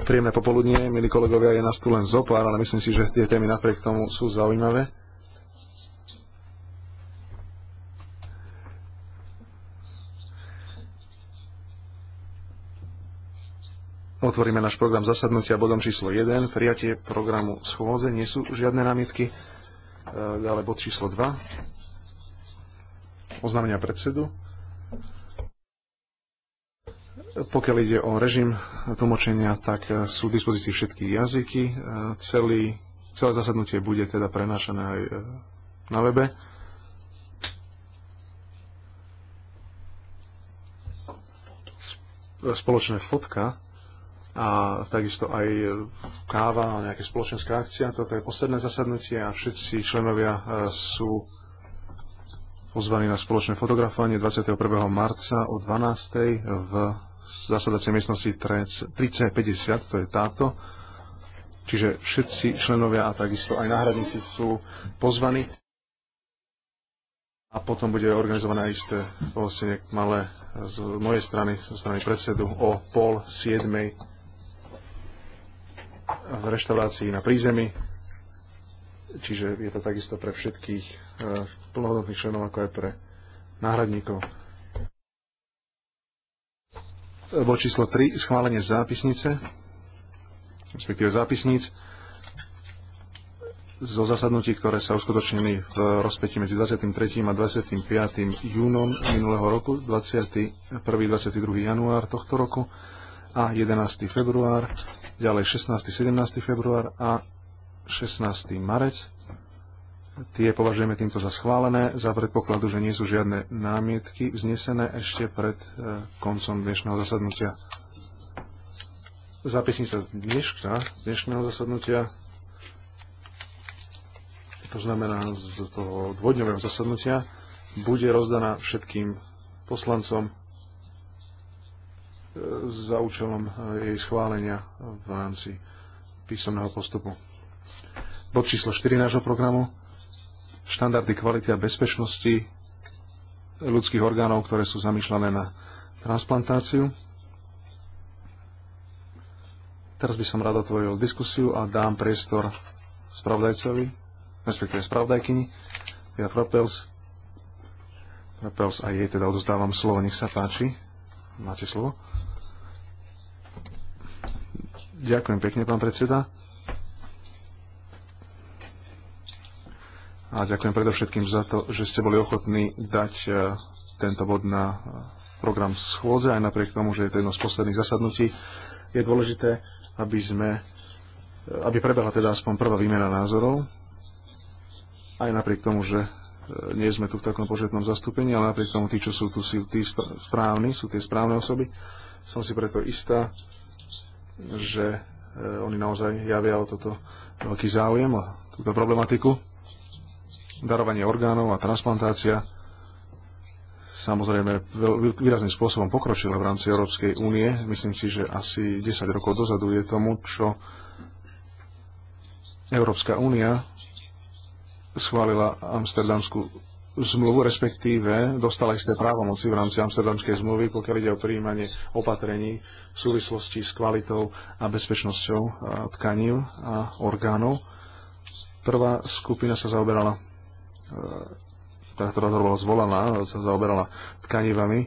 Príjemné popoludnie, milí kolegovia, je nás tu len zopár, ale myslím si, že tie témy napriek tomu sú zaujímavé. Otvoríme náš program zasadnutia bodom číslo 1, prijatie programu schôdze. Nie sú žiadne námietky, e, ale bod číslo 2. Oznámenia predsedu. Pokiaľ ide o režim tlmočenia, tak e, sú v dispozícii všetky jazyky. E, celý, celé zasadnutie bude teda prenášané aj e, na webe. Spoločné fotka a takisto aj káva a nejaká spoločenská akcia. Toto je posledné zasadnutie a všetci členovia sú pozvaní na spoločné fotografovanie 21. marca o 12. v zasadacej miestnosti 3C50, to je táto. Čiže všetci členovia a takisto aj náhradníci sú pozvaní. A potom bude organizované isté pohostenie malé z mojej strany, zo strany predsedu, o pol siedmej v reštaurácii na prízemí. Čiže je to takisto pre všetkých eh, plnohodnotných členov, ako aj pre náhradníkov bo číslo 3, schválenie zápisnice, respektíve zápisníc zo zasadnutí, ktoré sa uskutočnili v rozpeti medzi 23. a 25. júnom minulého roku, 21. 22. január tohto roku a 11. február, ďalej 16. 17. február a 16. marec Tie považujeme týmto za schválené, za predpokladu, že nie sú žiadne námietky vznesené ešte pred e, koncom dnešného zasadnutia. Zápisnica sa dneška, dnešného zasadnutia, to znamená z toho dvodňového zasadnutia, bude rozdaná všetkým poslancom e, za účelom e, jej schválenia v rámci písomného postupu. Bod číslo 4 nášho programu štandardy kvality a bezpečnosti ľudských orgánov, ktoré sú zamýšľané na transplantáciu. Teraz by som rád otvoril diskusiu a dám priestor spravodajcovi, respektíve spravodajkyni, Pia Propels. Propels a jej teda odozdávam slovo, nech sa páči. Máte slovo. Ďakujem pekne, pán predseda. a ďakujem predovšetkým za to, že ste boli ochotní dať e, tento bod na e, program schôdze, aj napriek tomu, že je to jedno z posledných zasadnutí. Je dôležité, aby sme e, aby prebehla teda aspoň prvá výmena názorov, aj napriek tomu, že nie sme tu v takom početnom zastúpení, ale napriek tomu tí, čo sú tu, sú tí správni, sú tie správne osoby. Som si preto istá, že oni naozaj javia o toto veľký záujem, o túto problematiku darovanie orgánov a transplantácia samozrejme výrazným spôsobom pokročila v rámci Európskej únie. Myslím si, že asi 10 rokov dozadu je tomu, čo Európska únia schválila Amsterdamskú zmluvu, respektíve dostala isté právomoci v rámci Amsterdamskej zmluvy, pokiaľ ide o príjmanie opatrení v súvislosti s kvalitou a bezpečnosťou tkaní a orgánov. Prvá skupina sa zaoberala E, teda, ktorá bola zvolaná, sa zaoberala tkanivami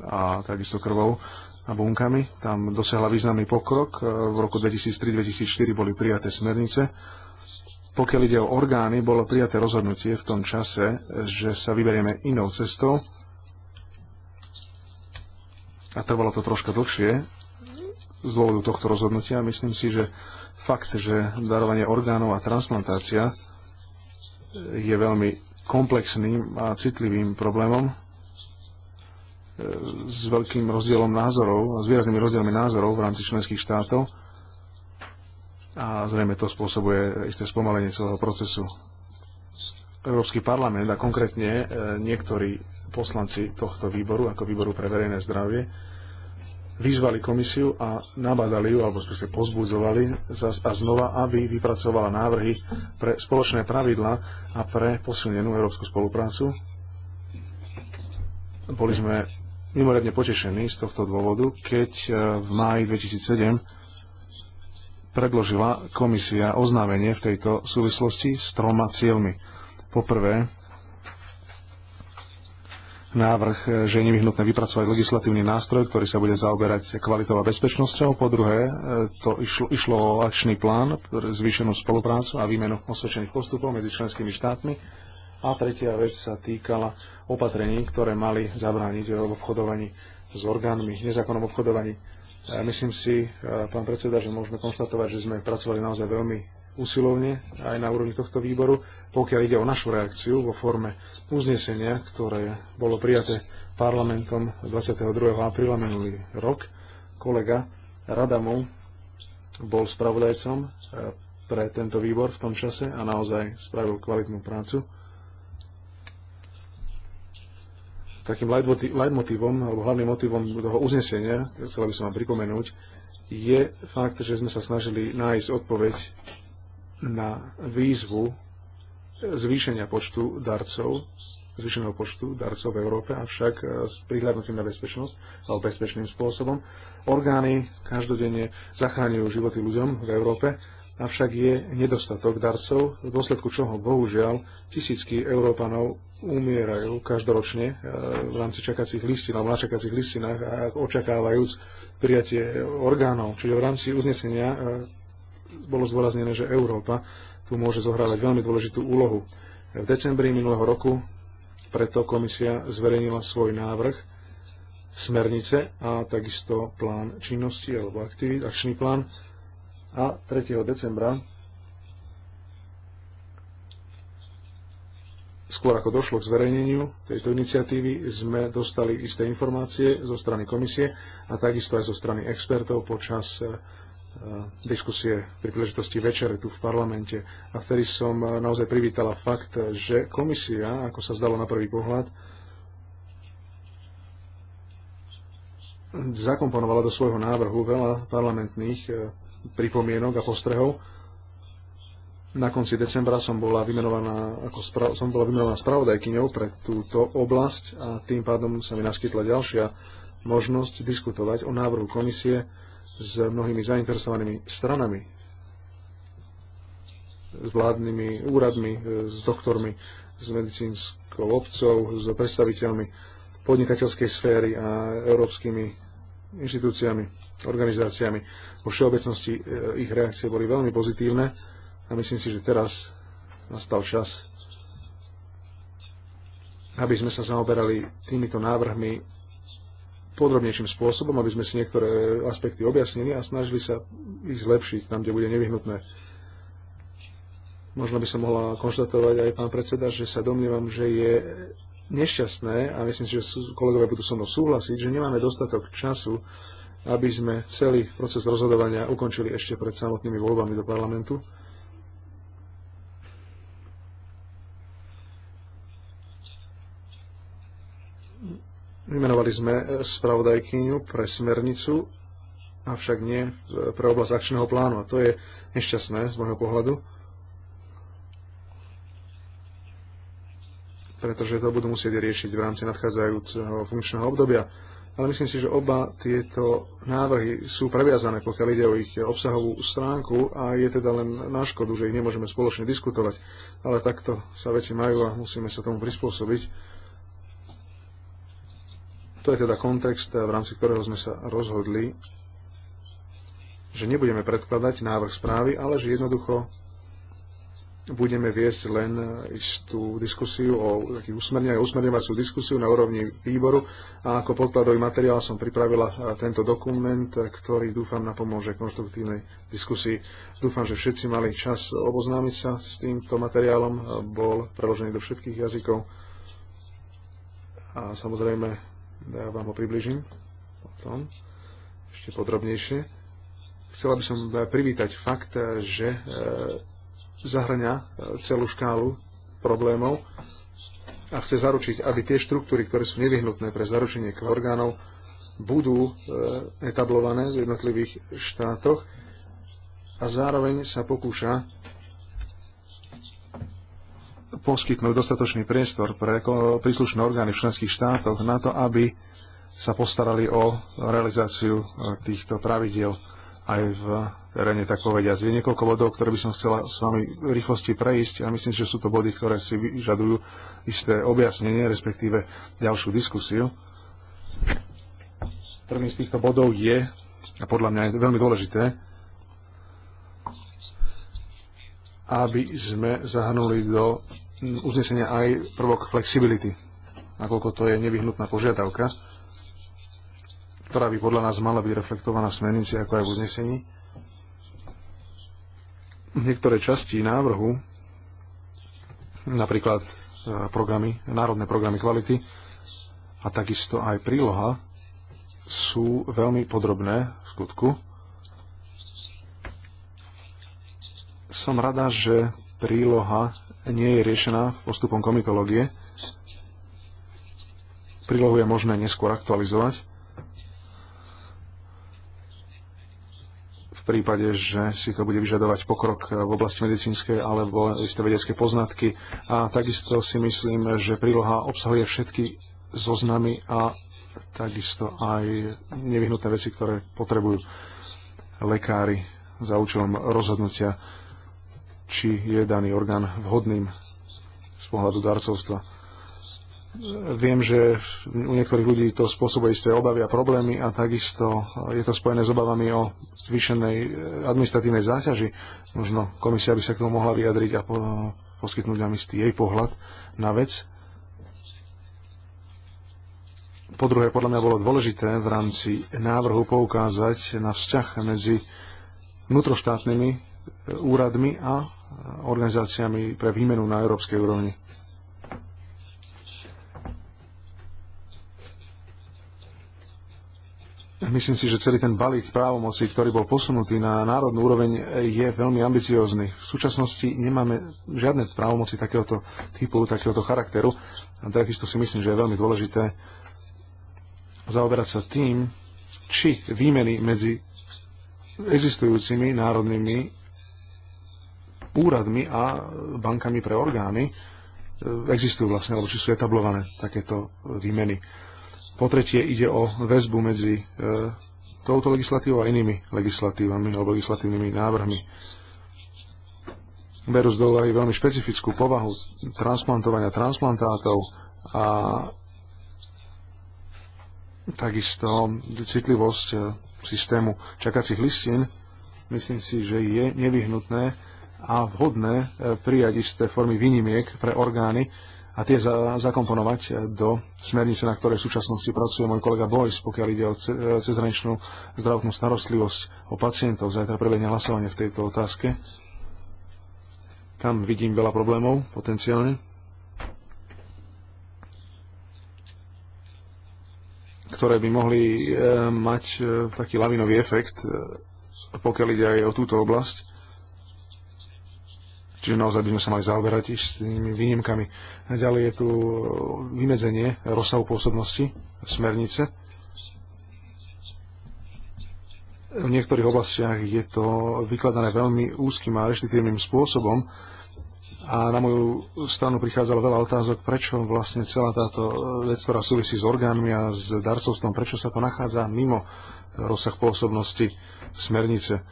a takisto krvou a bunkami. Tam dosiahla významný pokrok. E, v roku 2003-2004 boli prijaté smernice. Pokiaľ ide o orgány, bolo prijaté rozhodnutie v tom čase, že sa vyberieme inou cestou. A trvalo to troška dlhšie z dôvodu tohto rozhodnutia. Myslím si, že fakt, že darovanie orgánov a transplantácia je veľmi komplexným a citlivým problémom e, s veľkým rozdielom názorov, s výraznými rozdielmi názorov v rámci členských štátov a zrejme to spôsobuje isté spomalenie celého procesu. Európsky parlament a konkrétne e, niektorí poslanci tohto výboru, ako výboru pre verejné zdravie, vyzvali komisiu a nabádali ju, alebo sme sa pozbudzovali a znova, aby vypracovala návrhy pre spoločné pravidla a pre posilnenú európsku spoluprácu. Boli sme mimoriadne potešení z tohto dôvodu, keď e, v máji 2007 predložila komisia oznámenie v tejto súvislosti s troma cieľmi. Poprvé, návrh, že je nevyhnutné vypracovať legislatívny nástroj, ktorý sa bude zaoberať kvalitou a bezpečnosťou. Po druhé, e, to išlo, išlo o akčný plán, zvýšenú spoluprácu a výmenu osvedčených postupov medzi členskými štátmi. A tretia vec sa týkala opatrení, ktoré mali zabrániť v obchodovaní s orgánmi, nezákonnom obchodovaní. E, myslím si, e, pán predseda, že môžeme konštatovať, že sme pracovali naozaj veľmi usilovne aj na úrovni tohto výboru, pokiaľ ide o našu reakciu vo forme uznesenia, ktoré bolo prijaté parlamentom 22. apríla minulý rok. Kolega Radamov bol spravodajcom eh, pre tento výbor v tom čase a naozaj spravil kvalitnú prácu. Takým leitmotívom, alebo hlavným motivom toho uznesenia, chcela by som vám pripomenúť, je fakt, že sme sa snažili nájsť odpoveď na výzvu zvýšenia počtu darcov, zvýšeného počtu darcov v Európe, avšak e, s prihľadnutím na bezpečnosť alebo bezpečným spôsobom. Orgány každodenne zachránujú životy ľuďom v Európe, avšak je nedostatok darcov, v dôsledku čoho bohužiaľ tisícky Európanov umierajú každoročne e, v rámci čakacích listín alebo na čakacích listinách a očakávajúc prijatie orgánov. Čiže v rámci uznesenia e, bolo zdôraznené, že Európa tu môže zohrávať veľmi dôležitú úlohu. V decembri minulého roku preto komisia zverejnila svoj návrh smernice a takisto plán činnosti alebo aktivít, akčný plán. A 3. decembra skôr ako došlo k zverejneniu tejto iniciatívy, sme dostali isté informácie zo strany komisie a takisto aj zo strany expertov počas E, diskusie pri príležitosti večere tu v parlamente. A vtedy som e, naozaj privítala fakt, e, že komisia, ako sa zdalo na prvý pohľad, zakomponovala do svojho návrhu veľa parlamentných pripomienok a postrehov. Na konci decembra som bola vymenovaná, ako spra- som bola vymenovaná spravodajkyňou pre túto oblasť a tým pádom sa mi naskytla ďalšia možnosť diskutovať o návrhu komisie s mnohými zainteresovanými stranami, s vládnymi úradmi, e, s doktormi, s medicínskou obcov, s predstaviteľmi podnikateľskej sféry a európskymi inštitúciami, organizáciami. Vo všeobecnosti e, ich reakcie boli veľmi pozitívne a myslím si, že teraz nastal čas, aby sme sa zaoberali týmito návrhmi podrobnejším spôsobom, aby sme si niektoré aspekty objasnili a snažili sa ísť lepšiť tam, kde bude nevyhnutné. Možno by som mohla konštatovať aj pán predseda, že sa domnievam, že je nešťastné, a myslím si, že kolegovia budú so mnou súhlasiť, že nemáme dostatok času, aby sme celý proces rozhodovania ukončili ešte pred samotnými voľbami do parlamentu. Vymenovali sme e, spravodajkyňu pre smernicu, avšak nie e, pre oblasť akčného plánu. A to je nešťastné z môjho pohľadu, pretože to budú musieť riešiť v rámci nadchádzajúceho funkčného obdobia. Ale myslím si, že oba tieto návrhy sú previazané, pokiaľ ide o ich obsahovú stránku a je teda len na škodu, že ich nemôžeme spoločne diskutovať. Ale takto sa veci majú a musíme sa tomu prispôsobiť to je teda kontext, v rámci ktorého sme sa rozhodli, že nebudeme predkladať návrh správy, ale že jednoducho budeme viesť len istú diskusiu o takých usmerniach, usmerňovacú diskusiu na úrovni výboru a ako podkladový materiál som pripravila e, tento dokument, ktorý dúfam napomôže konštruktívnej diskusii. Dúfam, že všetci mali čas oboznámiť sa s týmto materiálom, bol preložený do všetkých jazykov a samozrejme ja vám ho približím potom ešte podrobnejšie. Chcela by som privítať fakt, že e, zahrňa e, celú škálu problémov a chce zaručiť, aby tie štruktúry, ktoré sú nevyhnutné pre zaručenie orgánov, budú e, etablované v jednotlivých štátoch a zároveň sa pokúša poskytnúť dostatočný priestor pre príslušné orgány v členských štátoch na to, aby sa postarali o realizáciu e, týchto pravidiel aj v teréne, tak povedia. Je niekoľko bodov, ktoré by som chcela s vami v rýchlosti prejsť a myslím, že sú to body, ktoré si vyžadujú isté objasnenie, respektíve ďalšiu diskusiu. Prvým z týchto bodov je, a podľa mňa je veľmi dôležité, aby sme zahrnuli do uznesenia aj prvok flexibility, nakoľko to je nevyhnutná požiadavka, ktorá by podľa nás mala byť reflektovaná v smernici ako aj v uznesení. Niektoré časti návrhu, napríklad e, programy, národné programy kvality a takisto aj príloha, sú veľmi podrobné v skutku Som rada, že príloha nie je riešená postupom komitológie. Prílohu je možné neskôr aktualizovať. V prípade, že si to bude vyžadovať pokrok v oblasti medicínskej alebo isté vedecké poznatky. A takisto si myslím, že príloha obsahuje všetky zoznamy a takisto aj nevyhnutné veci, ktoré potrebujú lekári za účelom rozhodnutia či je daný orgán vhodným z pohľadu darcovstva. Viem, že u niektorých ľudí to spôsobuje isté obavy a problémy a takisto je to spojené s obavami o zvýšenej administratívnej záťaži. Možno komisia by sa k tomu mohla vyjadriť a poskytnúť nám istý jej pohľad na vec. Po druhé, podľa mňa bolo dôležité v rámci návrhu poukázať na vzťah medzi vnútroštátnymi úradmi a organizáciami pre výmenu na európskej úrovni. Myslím si, že celý ten balík právomocí, ktorý bol posunutý na národnú úroveň, je veľmi ambiciózny. V súčasnosti nemáme žiadne právomoci takéhoto typu, takéhoto charakteru. A takisto si myslím, že je veľmi dôležité zaoberať sa tým, či výmeny medzi existujúcimi národnými úradmi a bankami pre orgány e, existujú vlastne, alebo či sú etablované takéto výmeny. Po tretie ide o väzbu medzi e, touto legislatívou a inými legislatívami alebo legislatívnymi návrhmi. Berú z aj veľmi špecifickú povahu transplantovania transplantátov a takisto citlivosť e, systému čakacích listín. Myslím si, že je nevyhnutné a vhodné e, prijať isté formy výnimiek pre orgány a tie za, zakomponovať e, do smernice, na ktorej v súčasnosti pracuje môj kolega Boys, pokiaľ ide o e, cezhraničnú zdravotnú starostlivosť o pacientov. Zajtra prebehne hlasovanie v tejto otázke. Tam vidím veľa problémov potenciálne. ktoré by mohli e, mať e, taký lavinový efekt, e, pokiaľ ide aj o túto oblasť. Čiže naozaj by sme sa mali zaoberať s tými výnimkami. A ďalej je tu vymedzenie rozsahu pôsobnosti smernice. V niektorých oblastiach je to vykladané veľmi úzkým a reštitívnym spôsobom a na moju stranu prichádzalo veľa otázok, prečo vlastne celá táto vec, ktorá súvisí s orgánmi a s darcovstvom, prečo sa to nachádza mimo rozsah pôsobnosti smernice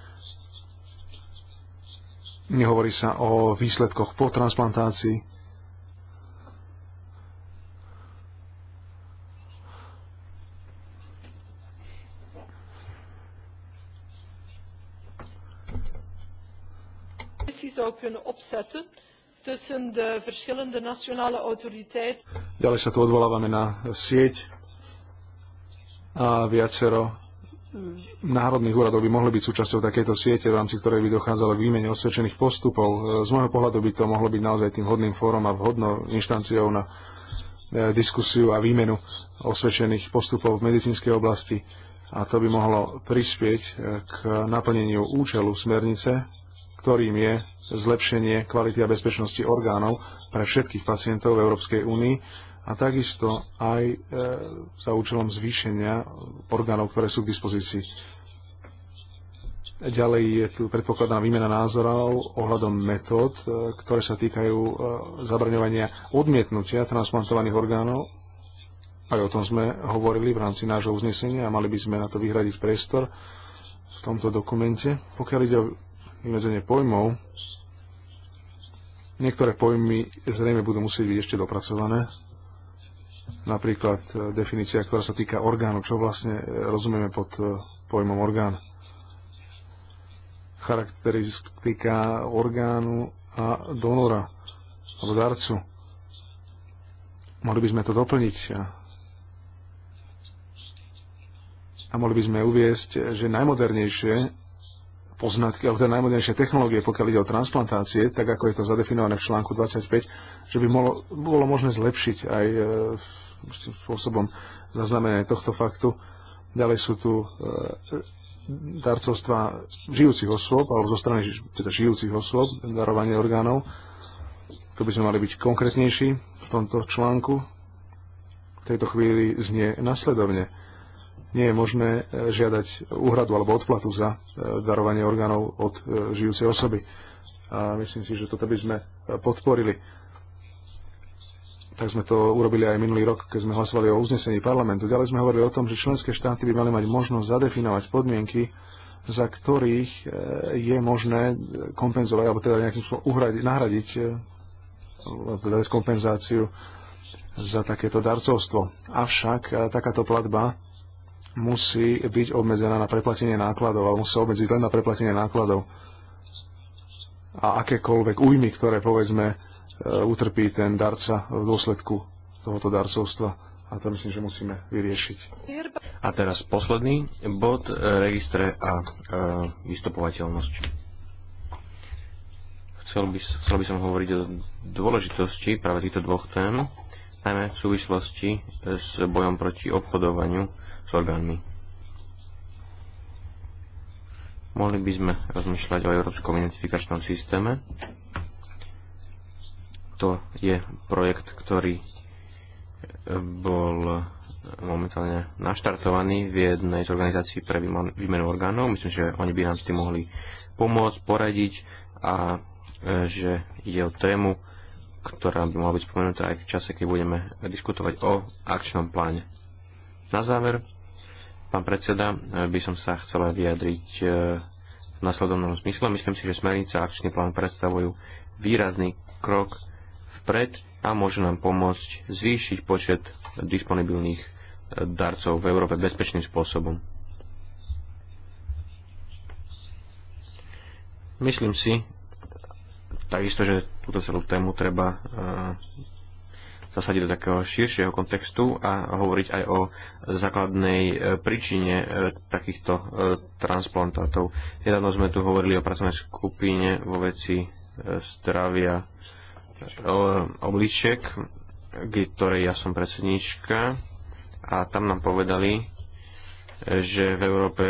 Nehovorí sa o výsledkoch po transplantácii. Ďalej sa tu odvolávame na sieť a viacero národných úradov by mohli byť súčasťou takéto siete, v rámci ktorej by dochádzalo k výmene osvedčených postupov. E, z môjho pohľadu by to mohlo byť naozaj tým hodným fórom a vhodnou inštanciou na e, diskusiu a výmenu osvedčených postupov v medicínskej oblasti a to by mohlo prispieť e, k naplneniu účelu smernice, ktorým je zlepšenie kvality a bezpečnosti orgánov pre všetkých pacientov v Európskej únii a takisto aj e, za účelom zvýšenia orgánov, ktoré sú k dispozícii. Ďalej je tu predpokladná výmena názorov ohľadom metód, e, ktoré sa týkajú e, zabraňovania odmietnutia transplantovaných orgánov. Aj o tom sme hovorili v rámci nášho uznesenia a mali by sme na to vyhradiť priestor v tomto dokumente. Pokiaľ ide o vymedzenie pojmov, niektoré pojmy zrejme budú musieť byť ešte dopracované Napríklad e, definícia, ktorá sa týka orgánu, čo vlastne e, rozumieme pod e, pojmom orgán. Charakteristika orgánu a donora alebo darcu. Mohli by sme to doplniť a, a mohli by sme uviesť, že najmodernejšie poznatky, alebo teda najmodernejšie technológie, pokiaľ ide o transplantácie, tak ako je to zadefinované v článku 25, že by bolo, bolo možné zlepšiť aj e, spôsobom zaznamenanie tohto faktu. Ďalej sú tu e, darcovstva žijúcich osôb, alebo zo strany teda žijúcich osôb, darovanie orgánov. Tu by sme mali byť konkrétnejší v tomto článku. V tejto chvíli znie nasledovne. Nie je možné e, žiadať úhradu alebo odplatu za e, darovanie orgánov od žijúcej osoby. A myslím si, že toto by sme podporili tak sme to urobili aj minulý rok, keď sme hlasovali o uznesení parlamentu. Ďalej sme hovorili o tom, že členské štáty by mali mať možnosť zadefinovať podmienky, za ktorých e, je možné kompenzovať, alebo teda nejakým spôsobom uhradiť, nahradiť e, teda kompenzáciu za takéto darcovstvo. Avšak e, takáto platba musí byť obmedzená na preplatenie nákladov, alebo musí sa obmedziť len na preplatenie nákladov. A akékoľvek újmy, ktoré povedzme E, utrpí ten darca v dôsledku tohoto darcovstva. A to myslím, že musíme vyriešiť. A teraz posledný bod, e, registre a e, vystupovateľnosť. Chcel by, chcel by som hovoriť o dôležitosti práve týchto dvoch tém, najmä v súvislosti e, s bojom proti obchodovaniu s orgánmi. Mohli by sme rozmýšľať o európskom identifikačnom systéme, to je projekt, ktorý bol momentálne naštartovaný v jednej z organizácií pre výmenu orgánov. Myslím, že oni by nám s tým mohli pomôcť, poradiť a e, že ide o tému, ktorá by mala byť spomenutá aj v čase, keď budeme diskutovať o akčnom pláne. Na záver, pán predseda, e, by som sa chcel vyjadriť e, v nasledovnom zmysle. Myslím si, že smernica a akčný plán predstavujú výrazný krok vpred a môže nám pomôcť zvýšiť počet disponibilných e, darcov v Európe bezpečným spôsobom. Myslím si takisto, že túto celú tému treba e, zasadiť do takého širšieho kontextu a hovoriť aj o základnej e, príčine takýchto transplantátov. Nedávno sme tu hovorili o pracovnej skupine vo veci zdravia obličiek, ktorej ja som predsednička a tam nám povedali, že v Európe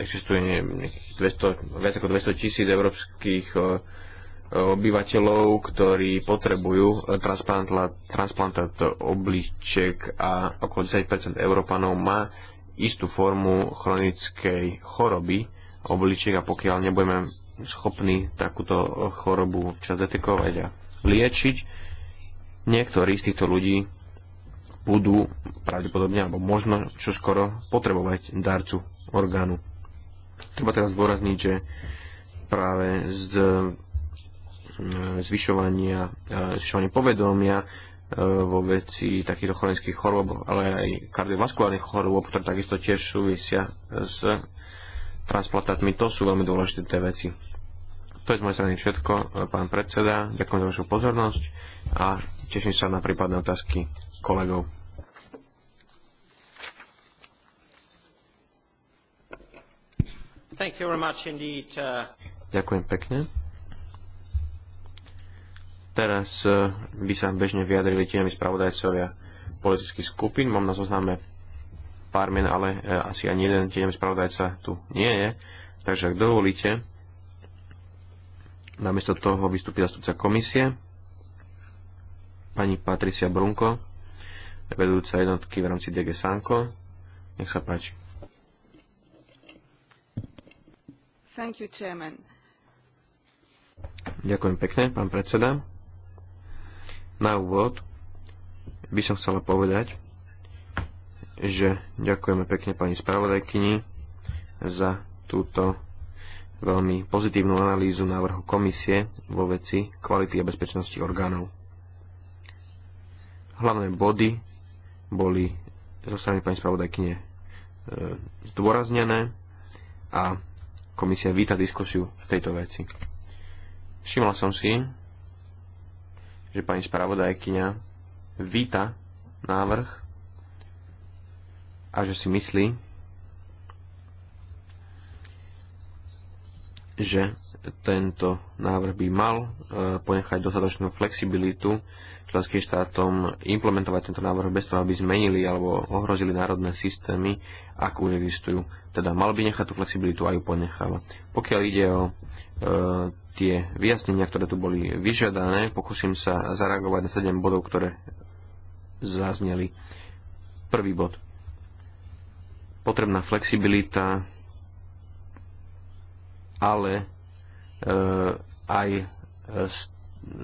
existuje nejakých 200, viac ako 200 tisíc európskych obyvateľov, ktorí potrebujú e, transplantát obličiek a okolo 10% Európanov má istú formu chronickej choroby obličiek a pokiaľ nebudeme schopní takúto chorobu čas detekovať a liečiť. Niektorí z týchto ľudí budú pravdepodobne alebo možno čo skoro potrebovať darcu orgánu. Treba teraz zdôrazniť, že práve z e, zvyšovania, e, zvyšovania povedomia e, vo veci takýchto chronických chorôb, ale aj kardiovaskulárnych chorôb, ktoré takisto tiež súvisia s transplantátmi. To sú veľmi dôležité veci. To je z mojej strany všetko, pán predseda. Ďakujem za vašu pozornosť a teším sa na prípadné otázky kolegov. Thank you very much indeed. Uh, Ďakujem pekne. Teraz uh, by sa bežne vyjadrili tieňami spravodajcovia politických skupín. Mám na zozname pár mien, ale uh, asi ani jeden tieňový spravodajca tu nie je. Takže ak dovolíte, Namiesto toho vystúpi zastupca komisie, pani Patricia Brunko, vedúca jednotky v rámci DG Sanko. Nech sa páči. Thank you, chairman. Ďakujem pekne, pán predseda. Na úvod by som chcela povedať, že ďakujeme pekne pani spravodajkyni za túto veľmi pozitívnu analýzu návrhu komisie vo veci kvality a bezpečnosti orgánov. Hlavné body boli zo strany pani spravodajkyne e, zdôraznené a komisia víta diskusiu v tejto veci. Všimla som si, že pani spravodajkyňa víta návrh a že si myslí, že tento návrh by mal e, ponechať dostatočnú flexibilitu členským štátom implementovať tento návrh bez toho, aby zmenili alebo ohrozili národné systémy, ak už existujú. Teda mal by nechať tú flexibilitu a ju ponecháva. Pokiaľ ide o e, tie vyjasnenia, ktoré tu boli vyžiadané, pokúsim sa zareagovať na 7 bodov, ktoré zazneli. Prvý bod. Potrebná flexibilita ale e, aj e, s,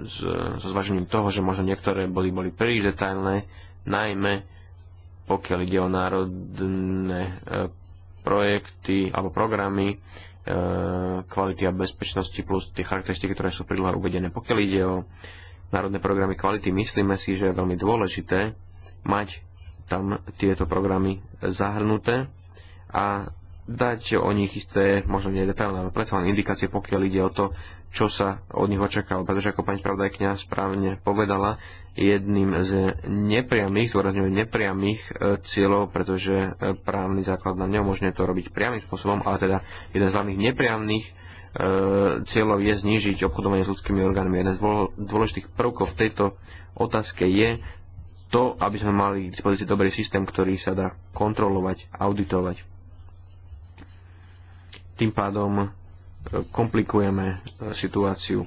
s, so zvažením toho, že možno niektoré body boli príliš detailné, najmä pokiaľ ide o národné e, projekty alebo programy kvality a bezpečnosti plus tie charakteristiky, ktoré sú v uvedené. Pokiaľ ide o národné programy kvality, myslíme si, že je veľmi dôležité mať tam tieto programy zahrnuté a dať o nich isté, možno nie detailné, ale predsa len indikácie, pokiaľ ide o to, čo sa od nich očakáva. Pretože ako pani spravodajkňa správne povedala, jedným z nepriamých, zdôrazňujem nepriamých e, cieľov, pretože e, právny základ nám neumožňuje to robiť priamým spôsobom, ale teda jeden z hlavných nepriamných e, cieľov je znižiť obchodovanie s ľudskými orgánmi. Jeden z dôležitých prvkov v tejto otázke je to, aby sme mali k dispozícii dobrý systém, ktorý sa dá kontrolovať, auditovať. Tým pádom e, komplikujeme e, situáciu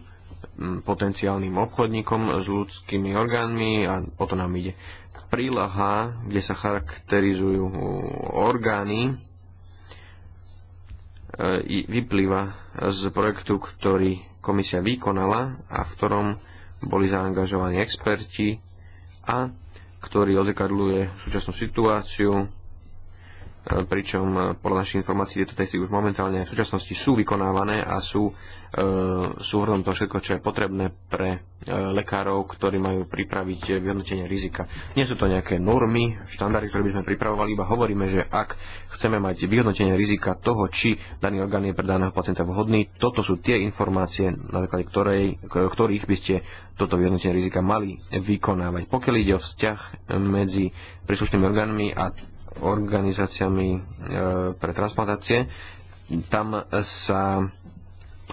potenciálnym obchodníkom s ľudskými orgánmi a o to nám ide. Prílaha, kde sa charakterizujú orgány, e, vyplýva z projektu, ktorý komisia vykonala a v ktorom boli zaangažovaní experti a ktorý odzrkadľuje súčasnú situáciu pričom eh, podľa našich informácií tieto testy už momentálne v súčasnosti sú vykonávané a sú eh, súhrnom to všetko, čo je potrebné pre eh, lekárov, ktorí majú pripraviť vyhodnotenie rizika. Nie sú to nejaké normy, štandardy, ktoré by sme pripravovali, iba hovoríme, že ak chceme mať vyhodnotenie rizika toho, či daný orgán je pre daného pacienta vhodný, toto sú tie informácie, na základe ktorej, ktorých by ste toto vyhodnotenie rizika mali vykonávať. Pokiaľ ide o vzťah medzi príslušnými orgánmi a organizáciami e, pre transplantácie. Tam sa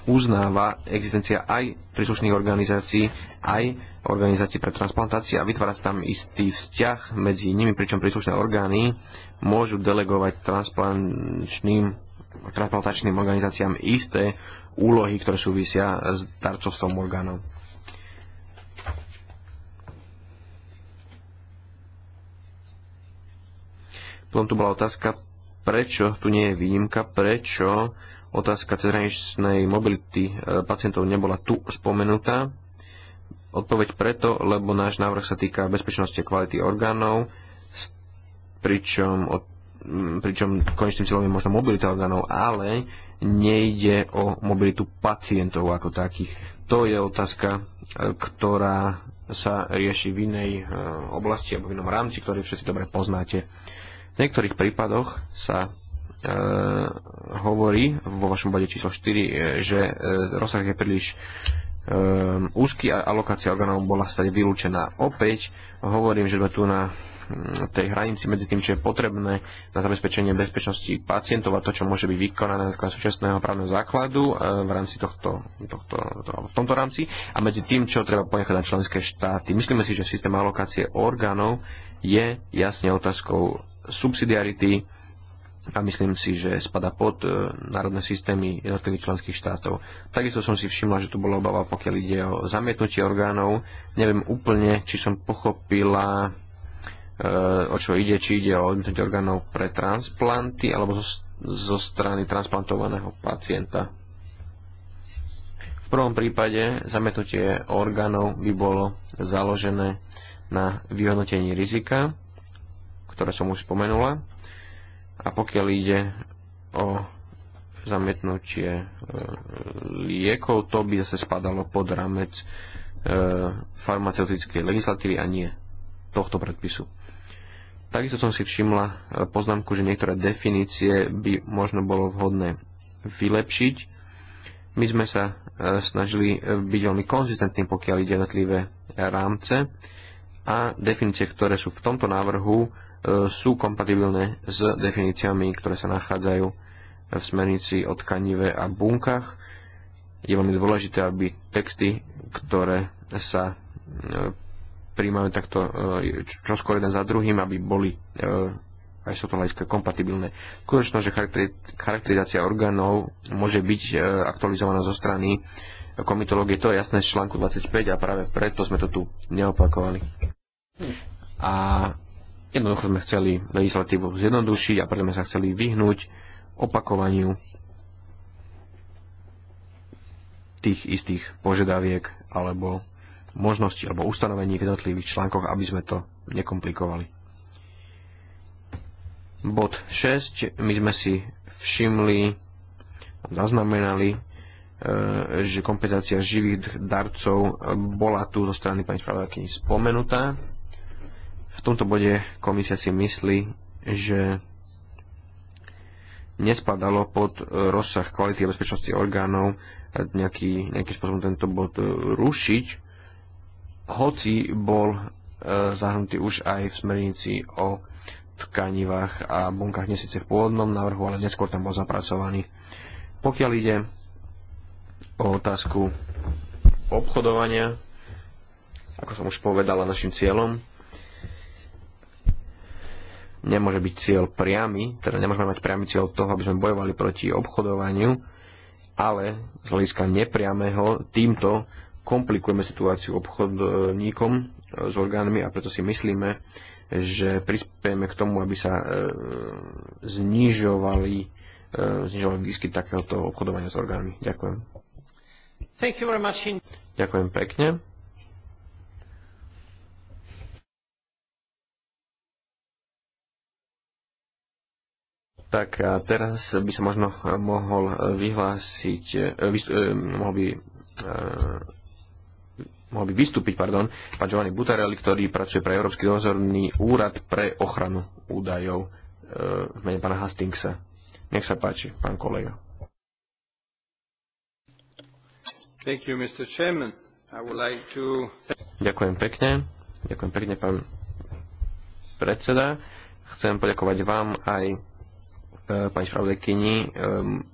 uznáva existencia aj príslušných organizácií, aj organizácií pre transplantácie a vytvára sa tam istý vzťah medzi nimi, pričom príslušné orgány môžu delegovať transplantačným, transplantačným organizáciám isté úlohy, ktoré súvisia s darcovstvom orgánov. Potom tu bola otázka, prečo tu nie je výnimka, prečo otázka cezhraničnej mobility e, pacientov nebola tu spomenutá. Odpoveď preto, lebo náš návrh sa týka bezpečnosti a kvality orgánov, pričom, pričom konečným cieľom je možno mobilita orgánov, ale nejde o mobilitu pacientov ako takých. To je otázka, e, ktorá sa rieši v inej e, oblasti alebo v inom rámci, ktorý všetci dobre poznáte niektorých prípadoch sa e, hovorí vo vašom bode číslo 4, e, že e, rozsah je príliš e, úzky a alokácia orgánov bola stále vylúčená. Opäť hovorím, že sme tu na tej hranici medzi tým, čo je potrebné na zabezpečenie bezpečnosti pacientov a to, čo môže byť vykonané na základe súčasného právneho základu e, v rámci tohto, tohto, to, v tomto rámci a medzi tým, čo treba ponechať na členské štáty. Myslíme si, že systém alokácie orgánov je jasne otázkou subsidiarity a myslím si, že spada pod e, národné systémy jednotlivých členských štátov. Takisto som si všimla, že tu bola obava, pokiaľ ide o zamietnutie orgánov. Neviem úplne, či som pochopila, e, o čo ide, či ide o odmietnutie orgánov pre transplanty alebo zo, zo strany transplantovaného pacienta. V prvom prípade zamietnutie orgánov by bolo založené na vyhodnotení rizika ktoré som už spomenula. A pokiaľ ide o zamietnutie e, liekov, to by zase spadalo pod ramec e, farmaceutickej legislatívy a nie tohto predpisu. Takisto som si všimla e, poznámku, že niektoré definície by možno bolo vhodné vylepšiť. My sme sa snažili byť veľmi konzistentní, pokiaľ ide jednotlivé rámce a definície, ktoré sú v tomto návrhu, sú kompatibilné s definíciami, ktoré sa nachádzajú v smernici o tkanive a bunkách. Je veľmi dôležité, aby texty, ktoré sa e, príjmajú takto e, čoskôr jeden za druhým, aby boli e, aj sú to hľadiska kompatibilné. Skutočno, že charakterizácia orgánov môže byť aktualizovaná zo strany komitológie, to je jasné z článku 25 a práve preto sme to tu neopakovali. A Jednoducho sme chceli legislatívu zjednodušiť a preto sme sa chceli vyhnúť opakovaniu tých istých požiadaviek alebo možností alebo ustanovení v jednotlivých článkoch, aby sme to nekomplikovali. Bod 6. My sme si všimli, zaznamenali, e, že kompenzácia živých darcov bola tu zo strany pani spravodajkyni spomenutá. V tomto bode komisia si myslí, že nespadalo pod e, rozsah kvality a bezpečnosti orgánov nejaký, nejaký spôsobom tento bod e, rušiť, hoci bol e, zahrnutý už aj v smernici o tkanivách a bunkách nesice v pôvodnom návrhu, ale neskôr tam bol zapracovaný. Pokiaľ ide o otázku obchodovania, ako som už povedala, našim cieľom nemôže byť cieľ priamy, teda nemôžeme mať priamy cieľ toho, aby sme bojovali proti obchodovaniu, ale z hľadiska nepriamého týmto komplikujeme situáciu obchodníkom s orgánmi a preto si myslíme, že prispieme k tomu, aby sa e, znižovali, e, znižovali výskyt takéhoto obchodovania s orgánmi. Ďakujem. Ďakujem pekne. Tak a teraz by sa možno mohol vyhlásiť, e, e, mohol by e, mohol by vystúpiť, pardon, pán Giovanni Butarelli, ktorý pracuje pre Európsky dozorný úrad pre ochranu údajov v mene pána Hastingsa. Nech sa páči, pán kolega. Thank you, Mr. Chairman. I would like to... Ďakujem pekne. Ďakujem pekne, pán predseda. Chcem poďakovať vám aj Eh, pani spravodajkyni eh,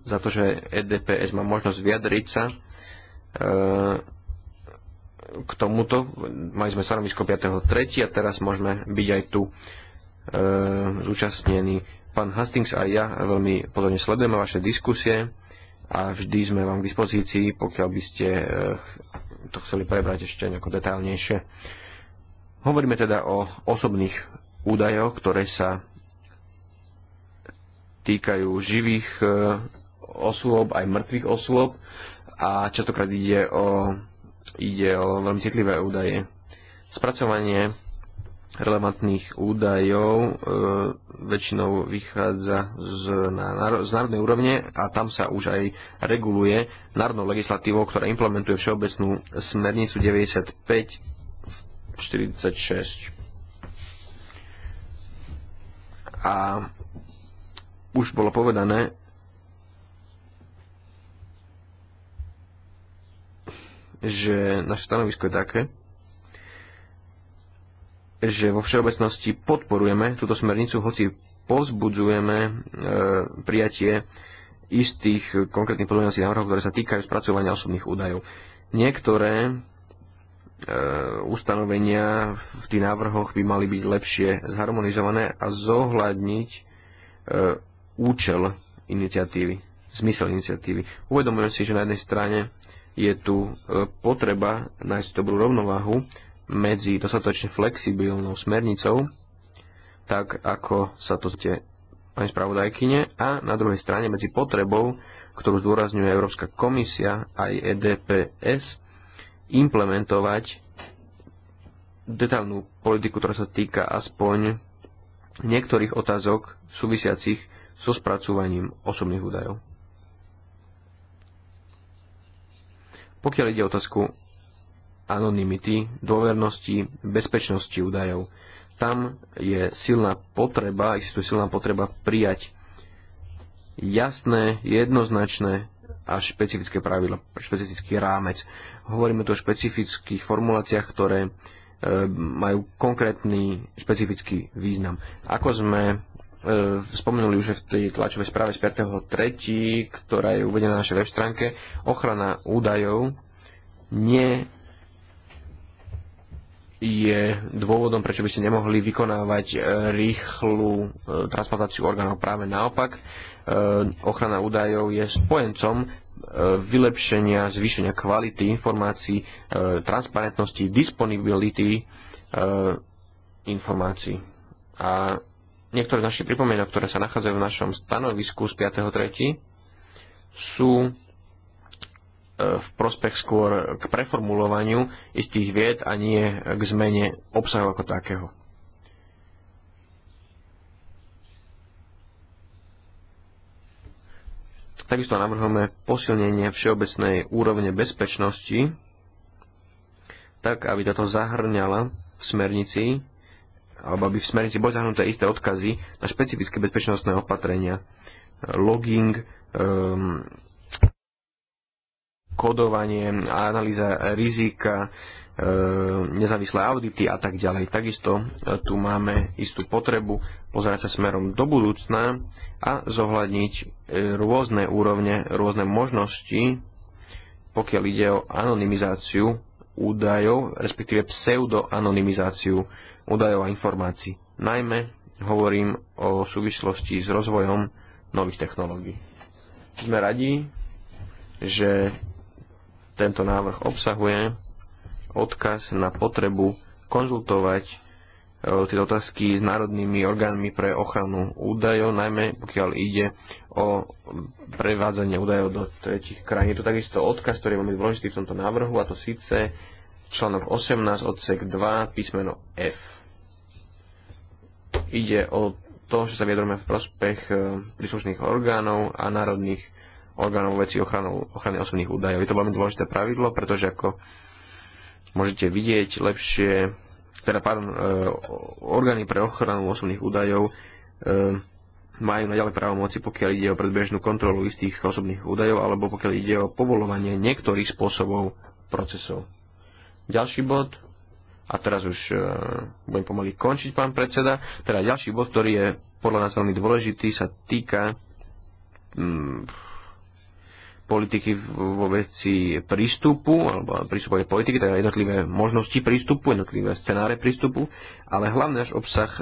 za to, že EDPS má možnosť vyjadriť sa eh, k tomuto. Mali sme stanovisko 5.3. a teraz môžeme byť aj tu zúčastnení. Pán Hastings a ja veľmi pozorne sledujeme vaše diskusie a vždy sme vám k dispozícii, pokiaľ by ste to chceli prebrať ešte nejako detailnejšie. Hovoríme teda o osobných údajoch, ktoré sa týkajú živých e, osôb, aj mŕtvych osôb a častokrát ide o, ide o veľmi citlivé údaje. Spracovanie relevantných údajov e, väčšinou vychádza z, na, z národnej úrovne a tam sa už aj reguluje národnou legislatívou, ktorá implementuje Všeobecnú smernicu 95 46. A už bolo povedané, že naše stanovisko je také, že vo všeobecnosti podporujeme túto smernicu, hoci povzbudzujeme e, prijatie istých konkrétnych pozmeňovacích návrhov, ktoré sa týkajú spracovania osobných údajov. Niektoré e, ustanovenia v tých návrhoch by mali byť lepšie zharmonizované a zohľadniť e, účel iniciatívy, zmysel iniciatívy. Uvedomujem si, že na jednej strane je tu e, potreba nájsť dobrú rovnováhu medzi dostatočne flexibilnou smernicou, tak ako sa to ste pani spravodajkyne, a na druhej strane medzi potrebou, ktorú zdôrazňuje Európska komisia aj EDPS, implementovať detailnú politiku, ktorá sa týka aspoň niektorých otázok súvisiacich so spracúvaním osobných údajov. Pokiaľ ide o otázku anonymity, dôvernosti, bezpečnosti údajov, tam je silná potreba, existuje silná potreba prijať jasné, jednoznačné a špecifické pravidla, špecifický rámec. Hovoríme tu o špecifických formuláciách, ktoré e, majú konkrétny špecifický význam. Ako sme E, spomenuli už v tej tlačovej správe z 5.3., ktorá je uvedená na našej web stránke, ochrana údajov nie je dôvodom, prečo by ste nemohli vykonávať e, rýchlu e, transplantáciu orgánov. Práve naopak, ochrana údajov je spojencom vylepšenia, zvýšenia kvality informácií, transparentnosti, disponibility informácií. A niektoré z našich pripomienok, ktoré sa nachádzajú v našom stanovisku z 5.3., sú e, v prospech skôr k preformulovaniu istých vied a nie k zmene obsahu ako takého. Takisto navrhujeme posilnenie všeobecnej úrovne bezpečnosti, tak aby táto zahrňala v smernici alebo aby v smernici boli zahrnuté isté odkazy na špecifické bezpečnostné opatrenia, logging, um, ehm, kodovanie, analýza rizika, ehm, nezávislé audity a tak ďalej. Takisto e, tu máme istú potrebu pozerať sa smerom do budúcna a zohľadniť e, rôzne úrovne, rôzne možnosti, pokiaľ ide o anonymizáciu údajov, respektíve pseudoanonymizáciu údajov a informácií. Najmä hovorím o súvislosti s rozvojom nových technológií. Sme radi, že tento návrh obsahuje odkaz na potrebu konzultovať e, tie otázky s národnými orgánmi pre ochranu údajov, najmä pokiaľ ide o prevádzanie údajov do tretich krajín. Je to takisto odkaz, ktorý je veľmi dôležitý v tomto návrhu, a to síce článok 18, odsek 2, písmeno F. Ide o to, že sa vyjadrujeme v prospech e, príslušných orgánov a národných orgánov veci ochranu ochrany osobných údajov. Je to veľmi dôležité pravidlo, pretože ako môžete vidieť lepšie, teda pardon, e, orgány pre ochranu osobných údajov e, majú naďalej právomoci, pokiaľ ide o predbežnú kontrolu istých osobných údajov alebo pokiaľ ide o povolovanie niektorých spôsobov procesov ďalší bod, a teraz už uh, budem pomaly končiť, pán predseda, teda ďalší bod, ktorý je podľa nás veľmi dôležitý, sa týka mm, politiky vo veci prístupu, alebo prístupovej politiky, teda jednotlivé možnosti prístupu, jednotlivé scenáre prístupu, ale hlavný náš obsah, e,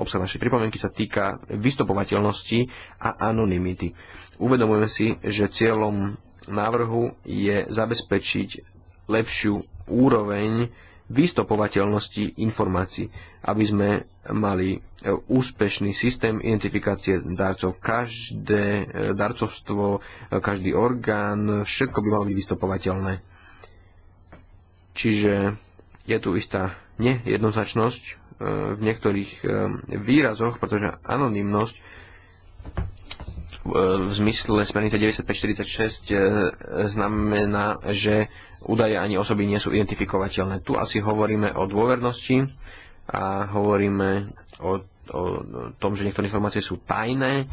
obsah našej pripomienky sa týka vystupovateľnosti a anonymity. Uvedomujeme si, že cieľom návrhu je zabezpečiť lepšiu úroveň vystopovateľnosti informácií, aby sme mali e, úspešný systém identifikácie darcov. Každé e, darcovstvo, e, každý orgán, všetko by malo byť vystopovateľné. Čiže je tu istá nejednoznačnosť v niektorých výrazoch, pretože anonymnosť v zmysle smernice 9546 znamená, že údaje ani osoby nie sú identifikovateľné. Tu asi hovoríme o dôvernosti a hovoríme o, o tom, že niektoré informácie sú tajné,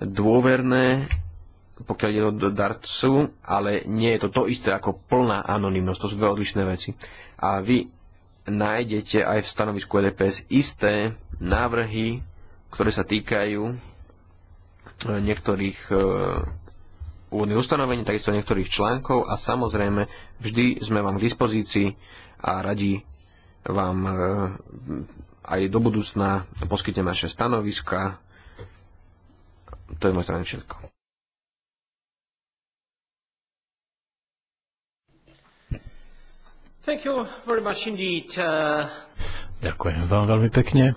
dôverné, pokiaľ ide do darcu, ale nie je to to isté ako plná anonymnosť. To sú dve odlišné veci. A vy nájdete aj v stanovisku EDPS isté návrhy, ktoré sa týkajú e, niektorých e, úvodných ustanovení, takisto niektorých článkov a samozrejme vždy sme vám k dispozícii a radi vám e, aj do budúcna poskytneme naše stanoviska. To je moje strany všetko. Thank you very much indeed. Uh, Ďakujem vám veľmi pekne.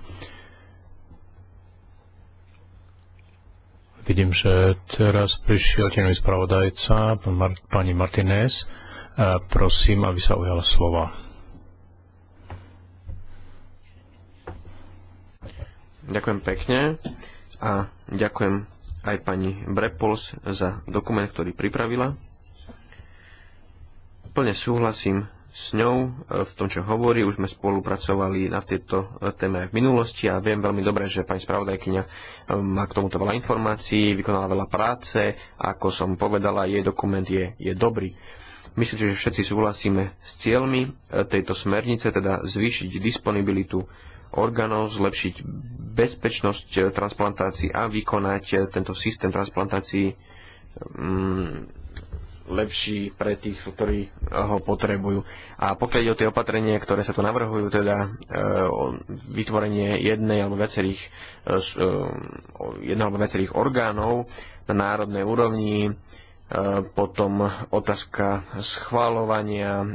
Vidím, že teraz prišiel tenový spravodajca, pani Martinez. E, prosím, aby sa ujala slova. Ďakujem pekne a ďakujem aj pani Brepols za dokument, ktorý pripravila. Plne súhlasím s ňou e, v tom, čo hovorí. Už sme spolupracovali na tieto e, téme aj v minulosti a viem veľmi dobre, že pani spravodajkyňa e, má k tomuto veľa informácií, vykonala veľa práce. Ako som povedala, jej dokument je, je dobrý. Myslím, že všetci súhlasíme s cieľmi tejto smernice, teda zvýšiť disponibilitu orgánov, zlepšiť bezpečnosť transplantácií a vykonať tento systém transplantácií mm, lepší pre tých, ktorí ho potrebujú. A pokiaľ ide o tie opatrenie, ktoré sa tu navrhujú, teda e, o vytvorenie jednej alebo viacerých, e, e jedného alebo viacerých orgánov na národnej úrovni, E, potom otázka schváľovania, e,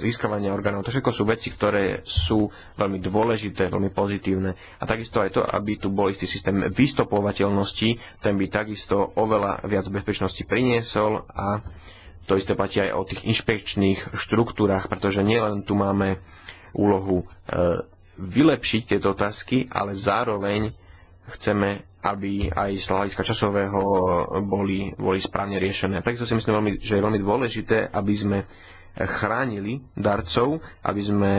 získavania orgánov. To všetko sú veci, ktoré sú veľmi dôležité, veľmi pozitívne. A takisto aj to, aby tu bol istý systém vystopovateľnosti, ten by takisto oveľa viac bezpečnosti priniesol a to isté platí aj o tých inšpekčných štruktúrach, pretože nielen tu máme úlohu e, vylepšiť tieto otázky, ale zároveň chceme aby aj z hľadiska časového eh, boli, boli správne riešené. Takisto si myslím, veľmi, že je veľmi dôležité, aby sme chránili darcov, aby sme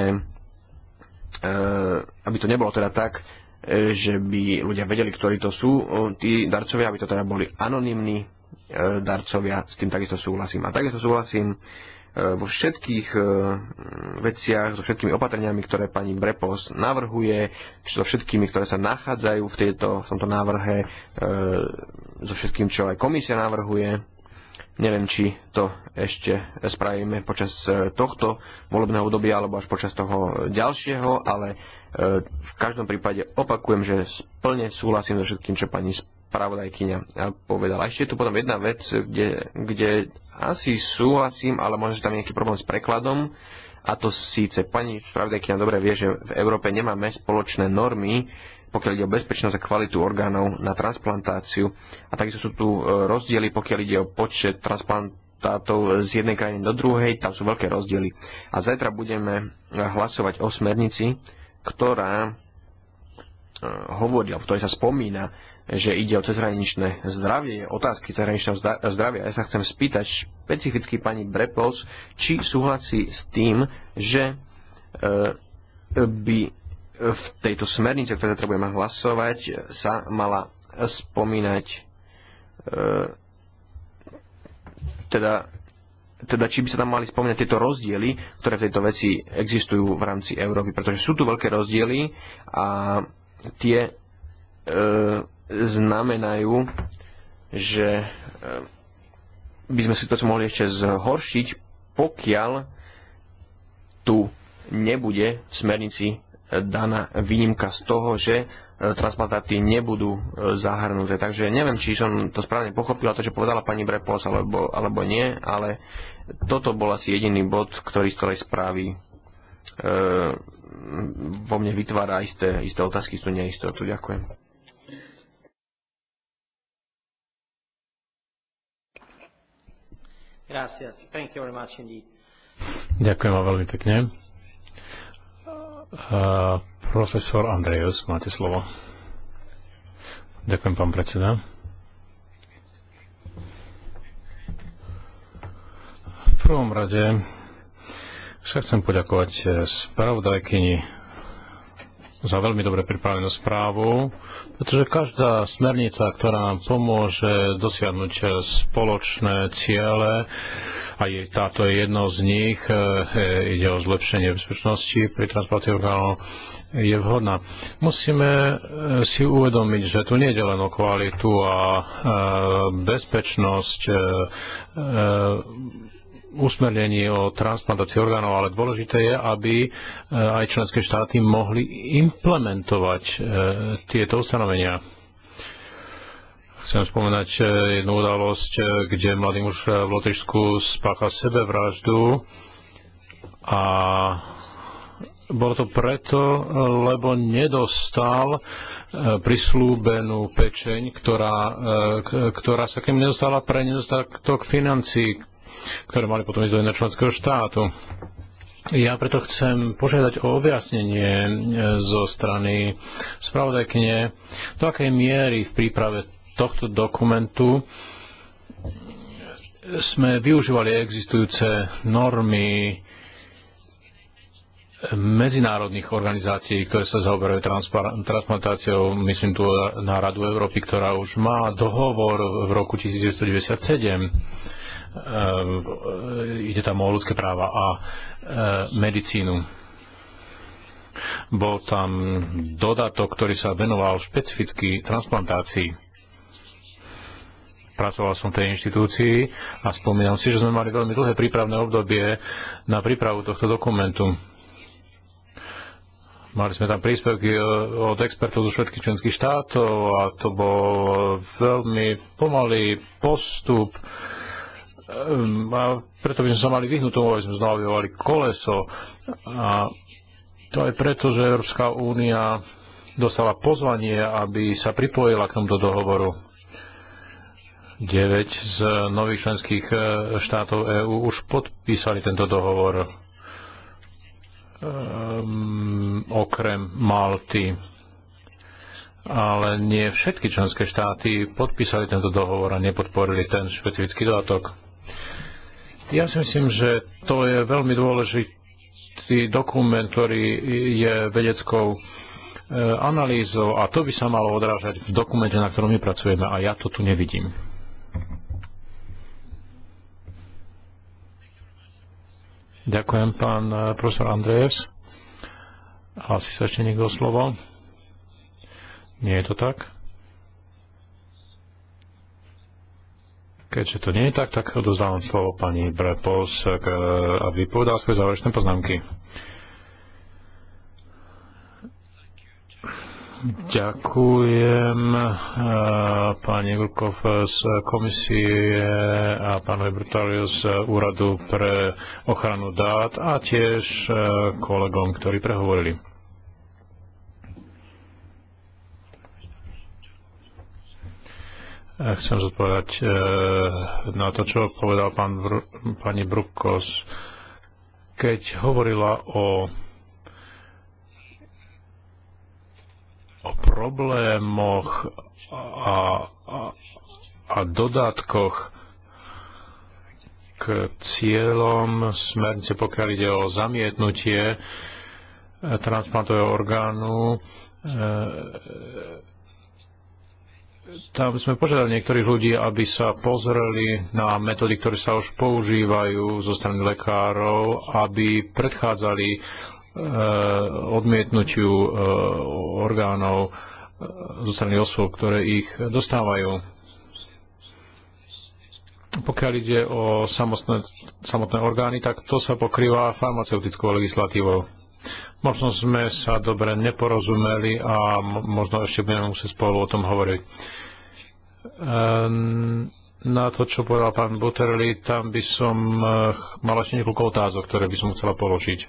eh, aby to nebolo teda tak, eh, že by ľudia vedeli, ktorí to sú tí darcovia, aby to teda boli anonimní darcovia, s tým takisto súhlasím. A takisto súhlasím Eh, vo všetkých eh, veciach, so všetkými opatreniami, ktoré pani Brepos navrhuje, so všetkými, ktoré sa nachádzajú v, tejto, v tomto návrhe, eh, so všetkým, čo aj komisia navrhuje. Neviem, či to ešte spravíme počas tohto volebného obdobia alebo až počas toho ďalšieho, ale v každom prípade opakujem, že plne súhlasím so všetkým, čo pani spravodajkyňa povedala. Ešte je tu potom jedna vec, kde, kde asi súhlasím, ale možno, že tam je nejaký problém s prekladom. A to síce pani spravodajkyňa dobre vie, že v Európe nemáme spoločné normy, pokiaľ ide o bezpečnosť a kvalitu orgánov na transplantáciu. A takisto sú tu e, rozdiely, pokiaľ ide o počet transplantátov z jednej krajiny do druhej, tam sú veľké rozdiely. A zajtra budeme hlasovať o smernici, ktorá e, hovorí, v ktorej sa spomína že ide o cezhraničné zdravie, otázky cezhraničného zdravia. Ja sa chcem spýtať špecificky pani Brepols, či súhlasí s tým, že e, by v tejto smernice, ktoré budeme hlasovať, sa mala spomínať e, teda, teda či by sa tam mali spomínať tieto rozdiely, ktoré v tejto veci existujú v rámci Európy, pretože sú tu veľké rozdiely a tie e, znamenajú, že eh, by sme situáciu mohli ešte zhoršiť, pokiaľ tu nebude v smernici eh, daná výnimka z toho, že eh, transplantáty nebudú zahrnuté. Takže neviem, či som to správne pochopila, to, čo povedala pani Brepos, alebo, alebo nie, ale toto bol asi jediný bod, ktorý z celej správy e, vo mne vytvára isté, isté otázky, tú neistotu. Ďakujem. Gracias. Thank you very much indeed. Ďakujem vám veľmi pekne. Uh, profesor Andrejus, máte slovo. Ďakujem, pán predseda. V prvom rade sa chcem poďakovať spravodajkyni za veľmi dobre pripravenú správu, pretože každá smernica, ktorá nám pomôže dosiahnuť spoločné ciele, a je, táto je jedno z nich, e, e, ide o zlepšenie bezpečnosti pri transportácii orgánov, je vhodná. Musíme e, si uvedomiť, že tu nie je len o kvalitu a e, bezpečnosť e, e usmernení o transplantácii orgánov, ale dôležité je, aby e, aj členské štáty mohli implementovať e, tieto ustanovenia. Chcem spomenať e, jednu udalosť, kde mladý muž v Lotyšsku spáchal sebevraždu a bolo to preto, lebo nedostal prislúbenú pečeň, ktorá, ktorá sa k nedostala pre nedostatok financií, ktoré mali potom ísť do jedného členského štátu. Ja preto chcem požiadať o objasnenie e, zo strany spravodajkne, do akej miery v príprave tohto dokumentu sme využívali existujúce normy medzinárodných organizácií, ktoré sa zaoberajú transplantáciou, myslím tu na Radu Európy, ktorá už má dohovor v roku 1997 Ehm, ide tam o ľudské práva a ehm, medicínu bol tam dodatok, ktorý sa venoval špecificky transplantácii. Pracoval som v tej inštitúcii a spomínam si, že sme mali veľmi dlhé prípravné obdobie na prípravu tohto dokumentu. Mali sme tam príspevky e, od expertov zo všetkých členských štátov a to bol e, veľmi pomalý postup Ehm, a preto by sme sa mali vyhnúť tomu, aby sme znavývali koleso. A to aj preto, že Európska únia dostala pozvanie, aby sa pripojila k tomuto dohovoru. 9 z nových členských e, štátov EÚ už podpísali tento dohovor um, okrem Malty. Ale nie všetky členské štáty podpísali tento dohovor a nepodporili ten špecifický dodatok. Ja si myslím, že to je veľmi dôležitý dokument, ktorý je vedeckou e, analýzou a to by sa malo odrážať v dokumente, na ktorom my pracujeme a ja to tu nevidím. Ďakujem, pán e, profesor Andrejevs. Hlási sa ešte niekto slovo? Nie je to tak? Keďže to nie je tak, tak odozdávam slovo pani Brepos, eh, aby povedal svoje záverečné poznámky. Ďakujem eh, pani Gurkov z komisie a pánovi Brutaliu z Úradu pre ochranu dát a tiež eh, kolegom, ktorí prehovorili. Chcem zodpovedať e, na to, čo povedal pán, pani Brukos. Keď hovorila o o problémoch a, a, a dodatkoch k cieľom smernice, pokiaľ ide o zamietnutie transplantového orgánu, e, tam sme požiadali niektorých ľudí, aby sa pozreli na metódy, ktoré sa už používajú zo strany lekárov, aby predchádzali e, odmietnutiu e, orgánov e, zo strany osôb, ktoré ich dostávajú. Pokiaľ ide o samotné, samotné orgány, tak to sa pokrýva farmaceutickou legislatívou. Možno sme sa dobre neporozumeli a možno ešte budeme musieť spolu o tom hovoriť. Ehm, na to, čo povedal pán Buterli, tam by som eh, mal ešte niekoľko otázok, ktoré by som chcela položiť.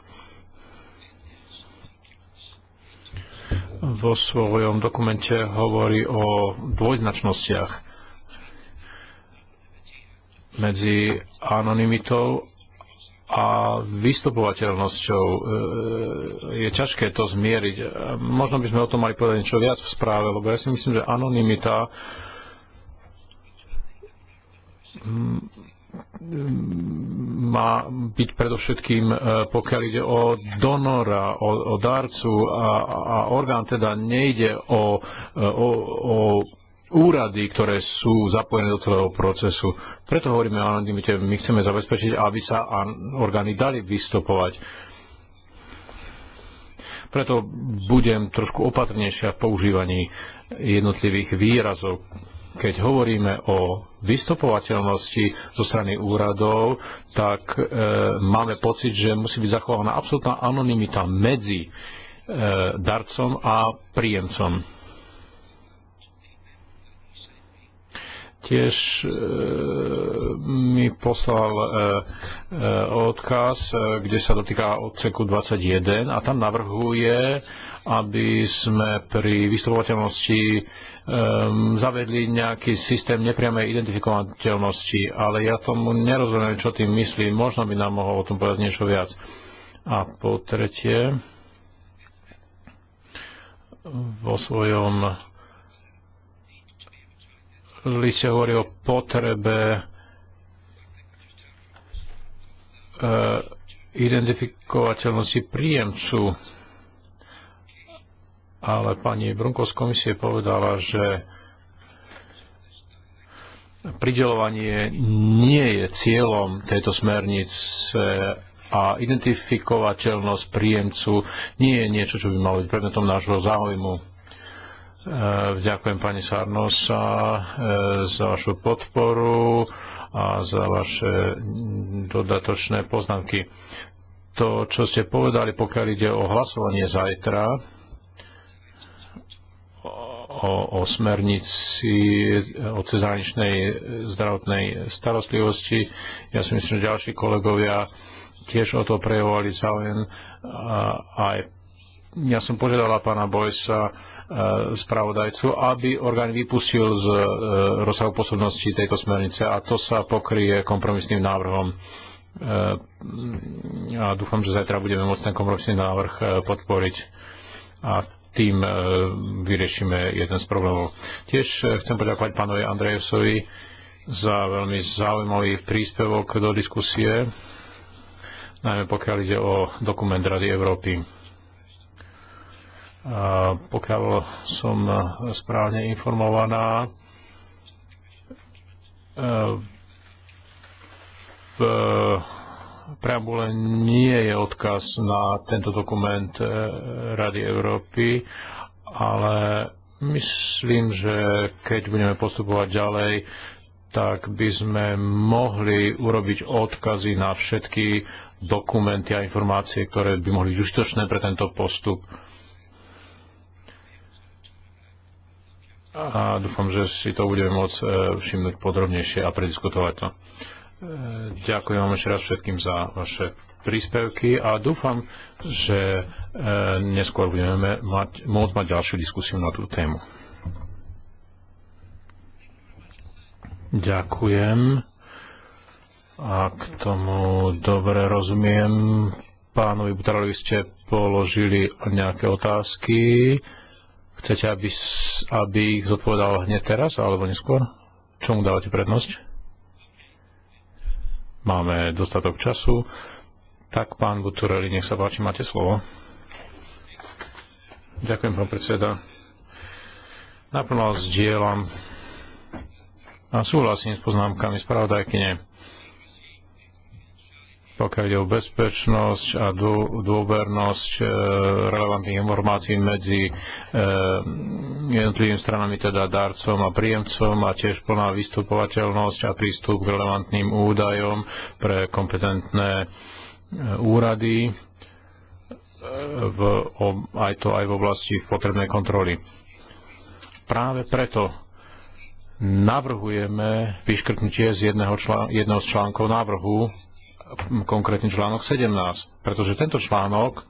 Vo svojom dokumente hovorí o dvojznačnostiach medzi anonimitou a vystupovateľnosťou e, e, je ťažké to zmieriť. E, možno by sme o tom mali povedať niečo viac v správe, lebo ja si myslím, že anonimita mm, má byť predovšetkým, pokiaľ ide o donora, o, o darcu a, a orgán teda nejde o, o, o úrady, ktoré sú zapojené do celého procesu. Preto hovoríme o anonimite. My chceme zabezpečiť, aby sa orgány dali vystupovať. Preto budem trošku opatrnejšia v používaní jednotlivých výrazov. Keď hovoríme o vystupovateľnosti zo strany úradov, tak e, máme pocit, že musí byť zachovaná absolútna anonimita medzi e, darcom a príjemcom tiež e, mi poslal e, e, odkaz, e, kde sa dotýka odseku 21 a tam navrhuje, aby sme pri vystupovateľnosti e, zavedli nejaký systém nepriamej identifikovateľnosti, ale ja tomu nerozumiem, čo tým myslí. Možno by nám mohol o tom povedať niečo viac. A po tretie, vo svojom liste hovorí o potrebe e, identifikovateľnosti príjemcu. Ale pani Brunko z komisie povedala, že pridelovanie nie je cieľom tejto smernice a identifikovateľnosť príjemcu nie je niečo, čo by malo byť predmetom nášho záujmu. Eh, ďakujem pani Sarnosa eh, za vašu podporu a za vaše dodatočné poznámky. To, čo ste povedali, pokiaľ ide o hlasovanie zajtra, o, o smernici o cezhraničnej zdravotnej starostlivosti, ja si myslím, že ďalší kolegovia tiež o to prejavovali záujem ja som požiadala pána Bojsa, E, spravodajcu, aby orgán vypustil z e, rozsahu posobnosti tejto smernice a to sa pokrie kompromisným návrhom. E, a dúfam, že zajtra budeme môcť ten kompromisný návrh podporiť a tým vyriešime jeden z problémov. Tiež chcem poďakovať pánovi Andrejevsovi za veľmi zaujímavý príspevok do diskusie, najmä pokiaľ ide o dokument Rady Európy. Pokiaľ som správne informovaná, eh, v preambule nie je odkaz na tento dokument eh, Rady Európy, ale myslím, že keď budeme postupovať ďalej, tak by sme mohli urobiť odkazy na všetky dokumenty a informácie, ktoré by mohli byť užitočné pre tento postup. a dúfam, že si to budeme môcť e, všimnúť podrobnejšie a prediskutovať to. E, ďakujem vám ešte raz všetkým za vaše príspevky a dúfam, že e, neskôr budeme mať, môcť mať ďalšiu diskusiu na tú tému. Ďakujem. A k tomu dobre rozumiem. Pánovi butarovi ste položili nejaké otázky. Chcete, aby, aby ich zodpovedal hneď teraz alebo neskôr? Čomu dávate prednosť? Máme dostatok času. Tak, pán Butureli, nech sa páči, máte slovo. Ďakujem, pán predseda. Naplno dielam a súhlasím s poznámkami spravodajkyne pokiaľ ide o bezpečnosť a dôvernosť e, relevantných informácií medzi e, jednotlivými stranami, teda darcom a príjemcom a tiež plná vystupovateľnosť a prístup k relevantným údajom pre kompetentné e, úrady v, aj to aj v oblasti potrebnej kontroly. Práve preto navrhujeme vyškrtnutie z jedného, člán, jedného z článkov návrhu konkrétne článok 17, pretože tento článok,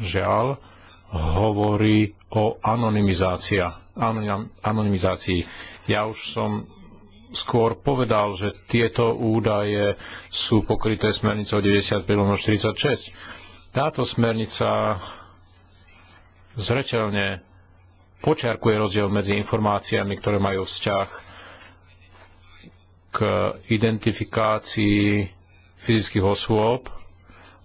žiaľ, hovorí o anonymizácia, anonymizácii. Ja už som skôr povedal, že tieto údaje sú pokryté smernicou 95-46. Táto smernica zreteľne počiarkuje rozdiel medzi informáciami, ktoré majú vzťah k identifikácii fyzických osôb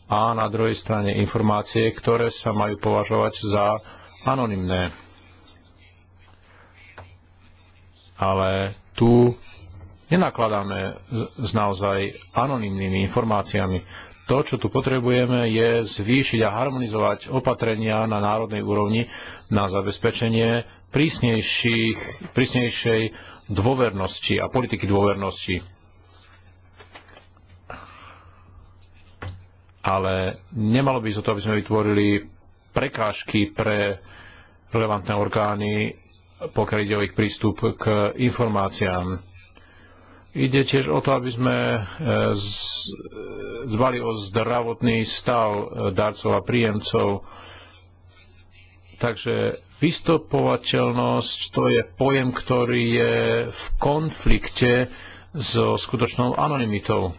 a na druhej strane informácie, ktoré sa majú považovať za anonymné. Ale tu nenakladáme s naozaj anonymnými informáciami. To, čo tu potrebujeme, je zvýšiť a harmonizovať opatrenia na národnej úrovni na zabezpečenie prísnejšej dôvernosti a politiky dôvernosti. ale nemalo by sa to, aby sme vytvorili prekážky pre relevantné orgány, pokiaľ ide o ich prístup k informáciám. Ide tiež o to, aby sme eh, zvali eh, o zdravotný stav eh, darcov a príjemcov. Takže vystopovateľnosť to je pojem, ktorý je v konflikte so skutočnou anonymitou.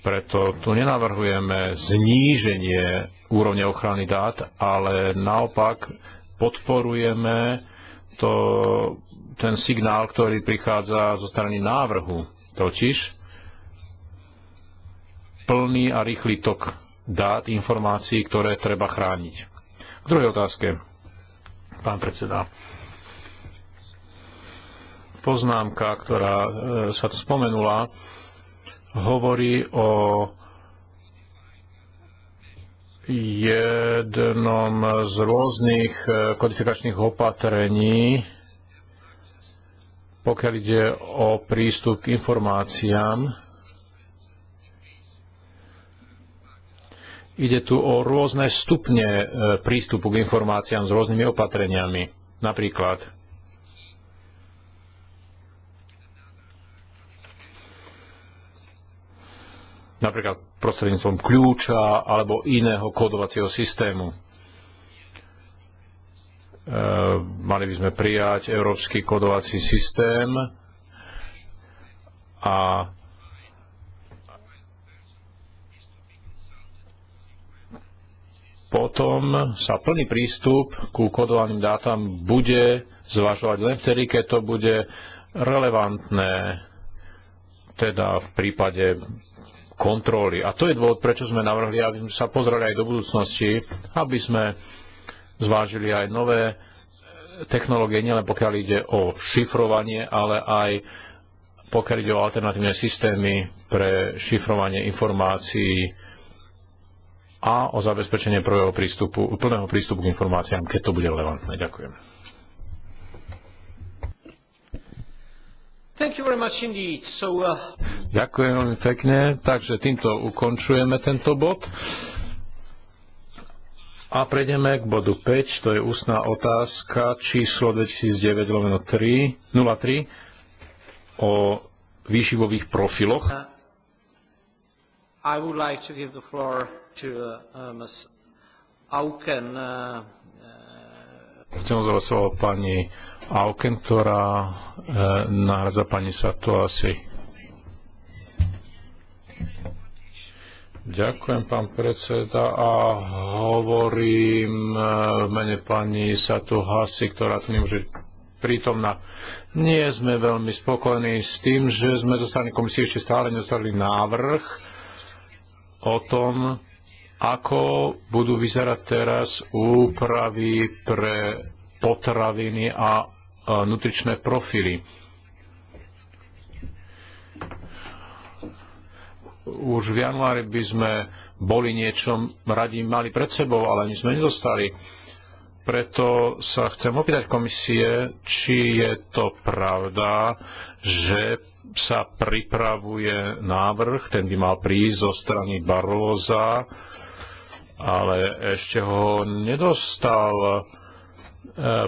Preto tu nenavrhujeme zníženie úrovne ochrany dát, ale naopak podporujeme to, ten signál, ktorý prichádza zo strany návrhu, totiž plný a rýchly tok dát, informácií, ktoré treba chrániť. K druhej otázke, pán predseda. Poznámka, ktorá e, sa tu spomenula, hovorí o jednom z rôznych eh, kodifikačných opatrení, pokiaľ ide o prístup k informáciám. Ide tu o rôzne stupne eh, prístupu k informáciám s rôznymi opatreniami. Napríklad napríklad prostredníctvom kľúča alebo iného kódovacieho systému. E, mali by sme prijať európsky kódovací systém a potom sa plný prístup ku kodovaným dátam bude zvažovať len vtedy, keď to bude relevantné, teda v prípade kontroly. A to je dôvod, prečo sme navrhli, aby sme sa pozreli aj do budúcnosti, aby sme zvážili aj nové e, technológie, nielen pokiaľ ide o šifrovanie, ale aj pokiaľ ide o alternatívne systémy pre šifrovanie informácií a o zabezpečenie prvého prístupu, plného prístupu k informáciám, keď to bude relevantné. Ďakujem. Uh, Ďakujem veľmi pekne. Takže týmto ukončujeme tento bod. A prejdeme k bodu 5, to je ústná otázka číslo 2009-03 o výživových profiloch. Uh, I would like to give the floor to uh, uh Ms. Auken, uh, Chcem ozvať slovo pani Auken, ktorá e, nahradza pani Sato asi. Ďakujem, pán predseda, a hovorím e, v mene pani Satu Hasi, ktorá tu nemôže prítomná. Nie sme veľmi spokojní s tým, že sme zo strany komisie ešte stále nedostali návrh o tom, ako budú vyzerať teraz úpravy pre potraviny a nutričné profily. Už v januári by sme boli niečom radi mali pred sebou, ale ani sme nedostali. Preto sa chcem opýtať komisie, či je to pravda, že sa pripravuje návrh, ten by mal prísť zo strany Barroza ale ešte ho nedostal e,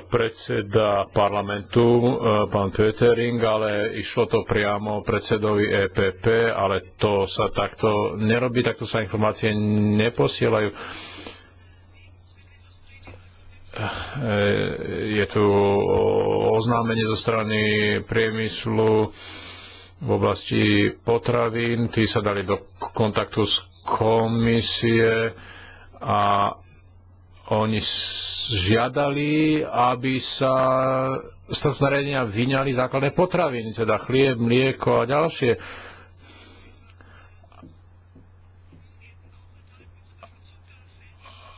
predseda parlamentu, e, pán Pötering, ale išlo to priamo predsedovi EPP, ale to sa takto nerobí, takto sa informácie neposielajú. E, je tu oznámenie zo strany priemyslu v oblasti potravín, tí sa dali do kontaktu s komisie, a oni žiadali, aby sa z tohto nariadenia vyňali základné potraviny, teda chlieb, mlieko a ďalšie.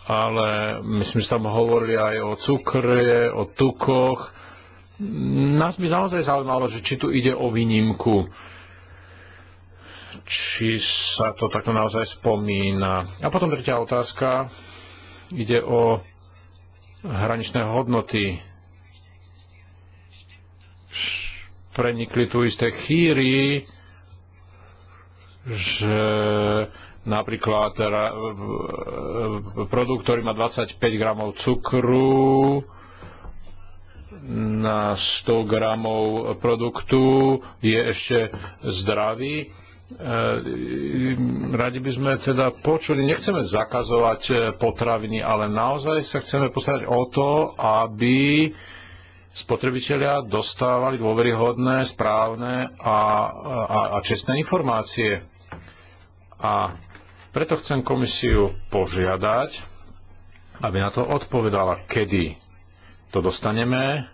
Ale myslím, že tam hovorili aj o cukre, o tukoch. Nás by naozaj zaujímalo, že či tu ide o výnimku či sa to takto naozaj spomína. A potom tretia otázka. Ide o hraničné hodnoty. Prenikli tu isté chýry, že napríklad produkt, ktorý má 25 gramov cukru na 100 gramov produktu je ešte zdravý E, radi by sme teda počuli, nechceme zakazovať e, potraviny, ale naozaj sa chceme postarať o to, aby spotrebitelia dostávali dôveryhodné, správne a, a, a čestné informácie. A preto chcem komisiu požiadať, aby na to odpovedala, kedy to dostaneme,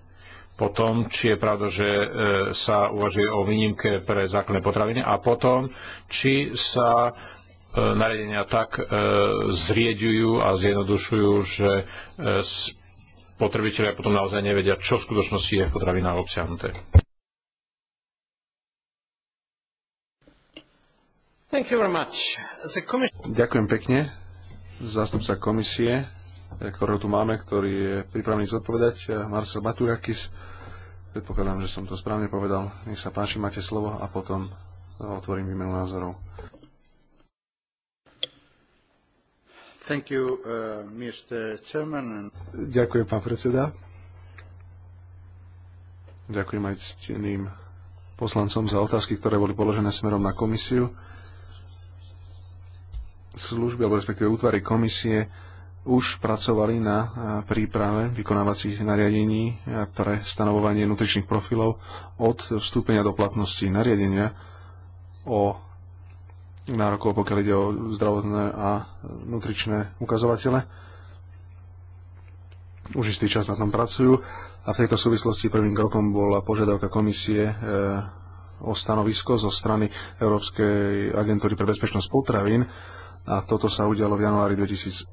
potom, či je pravda, že e, sa uvažuje o výnimke pre základné potraviny a potom, či sa e, nariadenia tak e, zrieďujú a zjednodušujú, že potrebitelia potom naozaj nevedia, čo v skutočnosti je v potravinách obsiahnuté. Ďakujem pekne. Zástupca komisie ktorého tu máme, ktorý je pripravený zodpovedať. Marcel Baturakis, predpokladám, že som to správne povedal. Nech sa páči, máte slovo a potom otvorím výmenu názorov. Thank you, uh, Mr. Chairman. Ďakujem, pán predseda. Ďakujem aj cteným poslancom za otázky, ktoré boli položené smerom na komisiu. Služby, alebo respektíve útvary komisie už pracovali na e, príprave vykonávacích nariadení e, pre stanovovanie nutričných profilov od vstúpenia do platnosti nariadenia o nárokov, pokiaľ ide o zdravotné a nutričné ukazovatele. Už istý čas na tom pracujú a v tejto súvislosti prvým krokom bola požiadavka komisie e, o stanovisko zo strany Európskej agentúry pre bezpečnosť potravín, a toto sa udialo v januári 2008.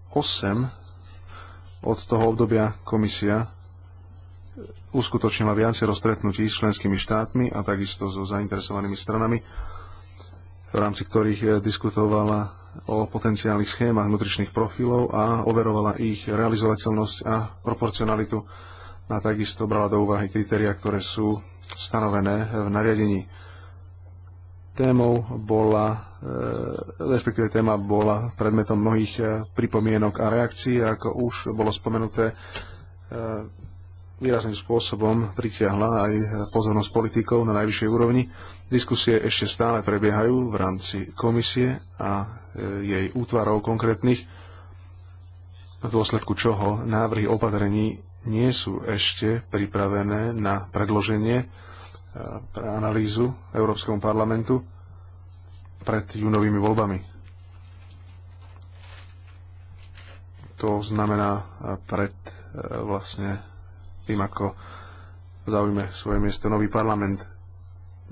Od toho obdobia komisia uskutočnila viacero stretnutí s členskými štátmi a takisto so zainteresovanými stranami, v rámci ktorých eh, diskutovala o potenciálnych schémach nutričných profilov a overovala ich realizovateľnosť a proporcionalitu a takisto brala do úvahy kritéria, ktoré sú stanovené v nariadení Témou bola, e, respektíve téma bola predmetom mnohých e, pripomienok a reakcií, ako už bolo spomenuté, e, výrazným spôsobom pritiahla aj pozornosť politikov na najvyššej úrovni. Diskusie ešte stále prebiehajú v rámci komisie a jej útvarov konkrétnych, v dôsledku čoho návrhy opatrení nie sú ešte pripravené na predloženie Eh, pre analýzu Európskemu parlamentu pred júnovými voľbami. To znamená eh, pred eh, vlastne tým, ako zaujme svoje miesto nový parlament.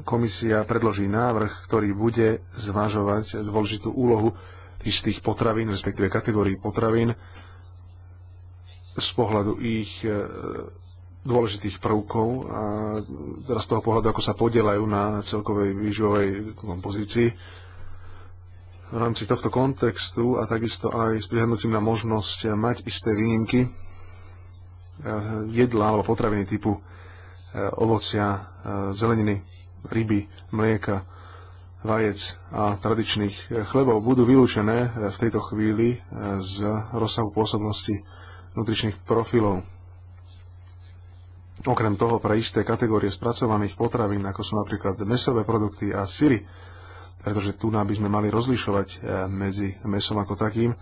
Komisia predloží návrh, ktorý bude zvažovať dôležitú úlohu istých potravín, respektíve kategórií potravín z pohľadu ich dôležitých prvkov a teraz z toho pohľadu, ako sa podielajú na celkovej výživovej kompozícii. V rámci tohto kontextu a takisto aj s prihľadnutím na možnosť mať isté výnimky eh, jedla alebo potraviny typu eh, ovocia, eh, zeleniny, ryby, mlieka, vajec a tradičných chlebov budú vylúčené v tejto chvíli z rozsahu pôsobnosti nutričných profilov Okrem toho pre isté kategórie spracovaných potravín, ako sú napríklad mesové produkty a syry, pretože tu by sme mali rozlišovať eh, medzi mesom ako takým eh,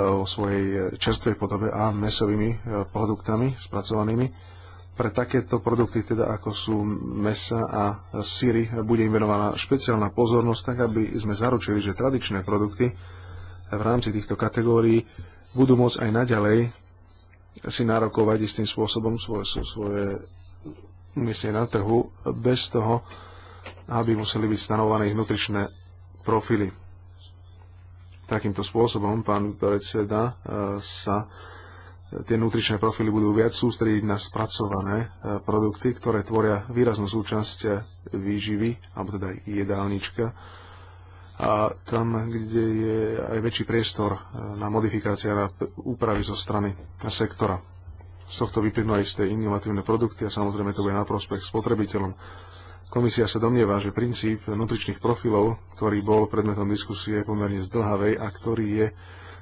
o svojej čerstvej podobe a mesovými eh, produktami spracovanými. Pre takéto produkty, teda ako sú mesa a syry, bude im venovaná špeciálna pozornosť, tak aby sme zaručili, že tradičné produkty v rámci týchto kategórií budú môcť aj naďalej si nárokovať istým spôsobom svoje, svoje miestne na trhu bez toho, aby museli byť stanované ich nutričné profily. Takýmto spôsobom, pán predseda, e, sa tie nutričné profily budú viac sústrediť na spracované e, produkty, ktoré tvoria výraznú súčasť e, výživy, alebo teda jedálnička, a tam, kde je aj väčší priestor e, na a na úpravy zo strany sektora. Z tohto vyplynú aj isté inovatívne produkty a samozrejme to bude na prospech spotrebiteľom. Komisia sa domnieva, že princíp nutričných profilov, ktorý bol predmetom diskusie pomerne zdlhavej a ktorý je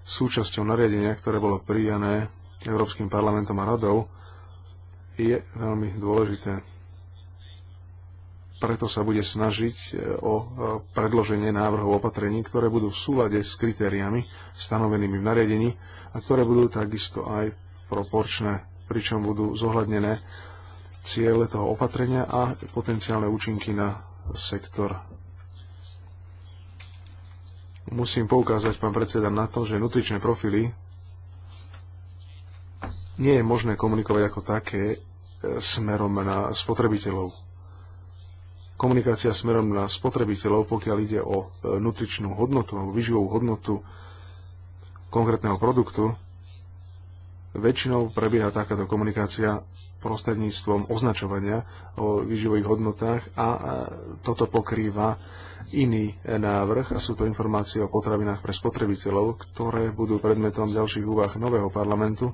súčasťou nariadenia, ktoré bolo prijané Európskym parlamentom a radou, je veľmi dôležité preto sa bude snažiť e, o e, predloženie návrhov opatrení, ktoré budú v súlade s kritériami stanovenými v nariadení a ktoré budú takisto aj proporčné, pričom budú zohľadnené ciele toho opatrenia a potenciálne účinky na sektor. Musím poukázať, pán predseda, na to, že nutričné profily nie je možné komunikovať ako také e, smerom na spotrebiteľov komunikácia smerom na spotrebiteľov, pokiaľ ide o e, nutričnú hodnotu alebo vyživovú hodnotu konkrétneho produktu, väčšinou prebieha takáto komunikácia prostredníctvom označovania o výživových hodnotách a toto pokrýva iný e, návrh a sú to informácie o potravinách pre spotrebiteľov, ktoré budú predmetom ďalších úvah nového parlamentu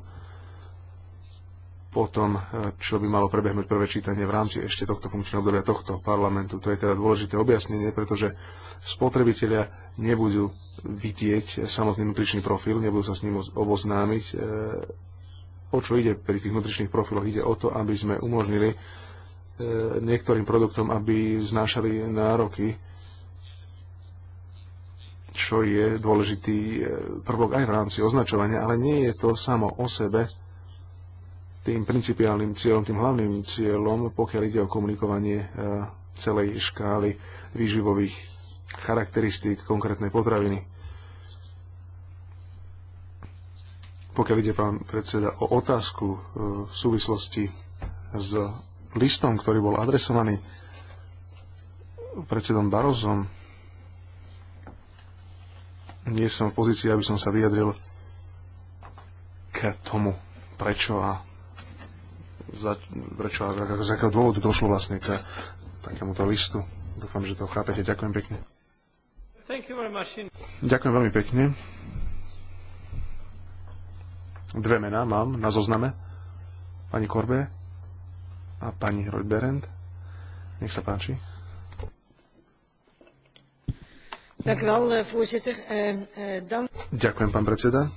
po tom, e, čo by malo prebehnúť prvé čítanie v rámci ešte tohto funkčného obdobia tohto parlamentu. To je teda dôležité objasnenie, pretože spotrebitelia nebudú vidieť samotný nutričný profil, nebudú sa s ním oboznámiť. E, o čo ide pri tých nutričných profiloch? Ide o to, aby sme umožnili e, niektorým produktom, aby znášali nároky, čo je dôležitý prvok aj v rámci označovania, ale nie je to samo o sebe tým principiálnym cieľom, tým hlavným cieľom, pokiaľ ide o komunikovanie e, celej škály výživových charakteristík konkrétnej potraviny. Pokiaľ ide pán predseda o otázku e, v súvislosti s listom, ktorý bol adresovaný predsedom Barozom, nie som v pozícii, aby som sa vyjadril k tomu, prečo a za, prečo, z akého dôvodu došlo vlastne k takémuto listu. Dúfam, že to chápete. Ďakujem pekne. Ďakujem veľmi pekne. Dve mená mám na zozname. Pani Korbe a pani Rodberend. Nech sa páči. Eh, eh, eh, Ďakujem, pán predseda.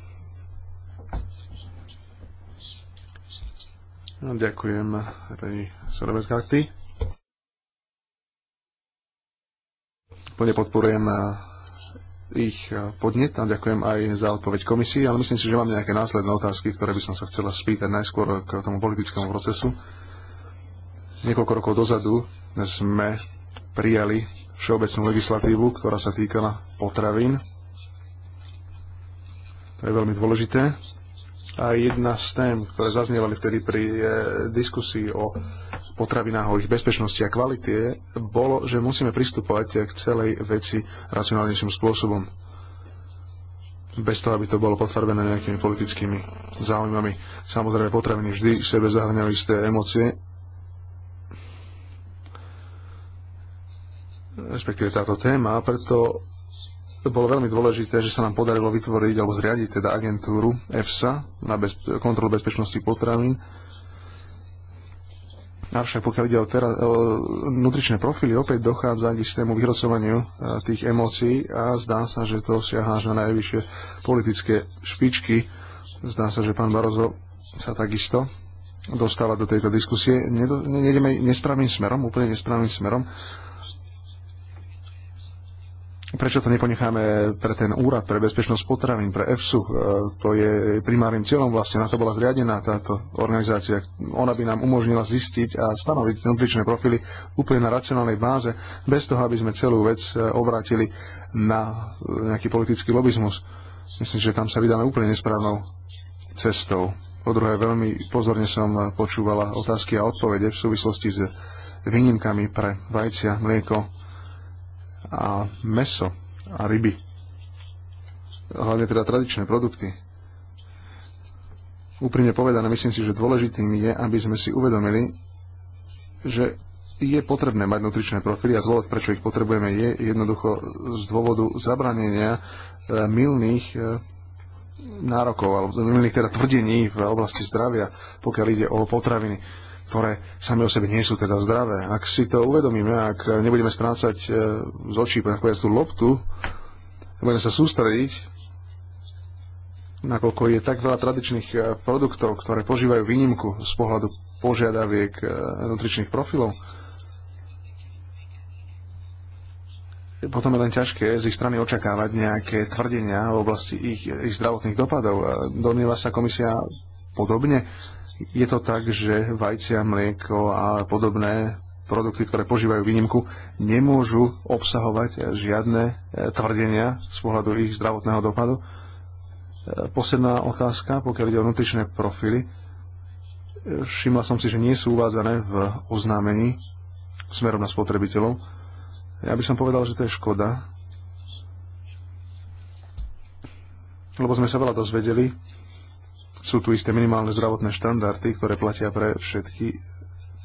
No, ďakujem pani Sorobeskakty. Plne podporujem eh, ich eh, podnet a ďakujem aj za odpoveď komisii, ale myslím si, že mám nejaké následné otázky, ktoré by som sa chcela spýtať najskôr k tomu politickému procesu. Niekoľko rokov dozadu sme prijali všeobecnú legislatívu, ktorá sa týkala potravín. To je veľmi dôležité. A jedna z tém, ktoré zaznievali vtedy pri e, diskusii o potravinách, o ich bezpečnosti a kvalite, bolo, že musíme pristupovať k celej veci racionálnejším spôsobom. Bez toho, aby to bolo potvrdené nejakými politickými záujmami. Samozrejme, potraviny vždy v sebe zahrňali isté emócie, respektíve táto téma, preto to bolo veľmi dôležité, že sa nám podarilo vytvoriť alebo zriadiť teda agentúru EFSA na bez, kontrolu bezpečnosti potravín. Avšak pokiaľ ide o, teraz, o nutričné profily, opäť dochádza k istému vyhrocovaniu e, tých emócií a zdá sa, že to siaha až na najvyššie politické špičky. Zdá sa, že pán Barozo sa takisto dostáva do tejto diskusie. Nedo, ne, nesprávnym smerom, úplne nesprávnym smerom. Prečo to neponecháme pre ten úrad pre bezpečnosť potravín, pre EFSU? E, to je primárnym cieľom vlastne, na to bola zriadená táto organizácia. Ona by nám umožnila zistiť a stanoviť nutričné profily úplne na racionálnej báze, bez toho, aby sme celú vec e, obrátili na e, nejaký politický lobizmus. Myslím, že tam sa vydáme úplne nesprávnou cestou. Po druhé, veľmi pozorne som počúvala otázky a odpovede v súvislosti s výnimkami pre vajcia, mlieko, a meso a ryby. Hlavne teda tradičné produkty. Úprimne povedané, myslím si, že dôležitým je, aby sme si uvedomili, že je potrebné mať nutričné profily a dôvod, prečo ich potrebujeme, je jednoducho z dôvodu zabranenia e, milných e, nárokov alebo milných teda tvrdení v oblasti zdravia, pokiaľ ide o potraviny ktoré sami o sebe nie sú teda zdravé. Ak si to uvedomíme, ak nebudeme strácať e, z očí nakoniec tú loptu, budeme sa sústrediť, nakoľko je tak veľa tradičných e, produktov, ktoré požívajú výnimku z pohľadu požiadaviek e, nutričných profilov, potom je len ťažké z ich strany očakávať nejaké tvrdenia v oblasti ich, ich zdravotných dopadov. Domnieva sa komisia podobne, je to tak, že vajcia, mlieko a podobné produkty, ktoré požívajú výnimku, nemôžu obsahovať žiadne e, tvrdenia z pohľadu ich zdravotného dopadu. E, posledná otázka, pokiaľ ide o nutričné profily. E, všimla som si, že nie sú uvádzané v oznámení smerom na spotrebiteľov. Ja by som povedal, že to je škoda, lebo sme sa veľa dozvedeli sú tu isté minimálne zdravotné štandardy, ktoré platia pre všetky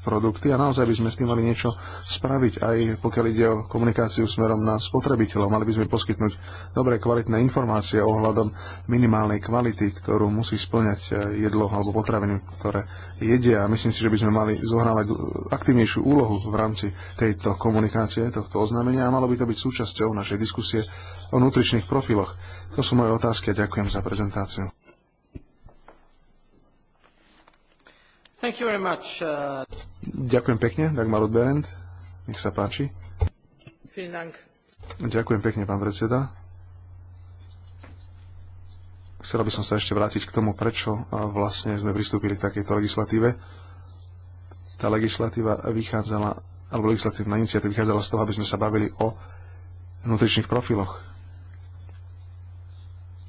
produkty a naozaj by sme s tým mali niečo spraviť, aj pokiaľ ide o komunikáciu smerom na spotrebiteľov. Mali by sme poskytnúť dobré kvalitné informácie ohľadom minimálnej kvality, ktorú musí splňať eh, jedlo alebo potraviny, ktoré jedia. A myslím si, že by sme mali zohrávať aktívnejšiu úlohu v rámci tejto komunikácie, tohto oznámenia a malo by to byť súčasťou našej diskusie o nutričných profiloch. To sú moje otázky a ďakujem za prezentáciu. Thank you very much. Uh... Ďakujem pekne, Dagmar Berend. Nech sa páči. Dank. Ďakujem pekne, pán predseda. Chcel by som sa ešte vrátiť k tomu, prečo vlastne sme pristúpili k takejto legislatíve. Tá legislatíva vychádzala, alebo legislatívna iniciatíva vychádzala z toho, aby sme sa bavili o nutričných profiloch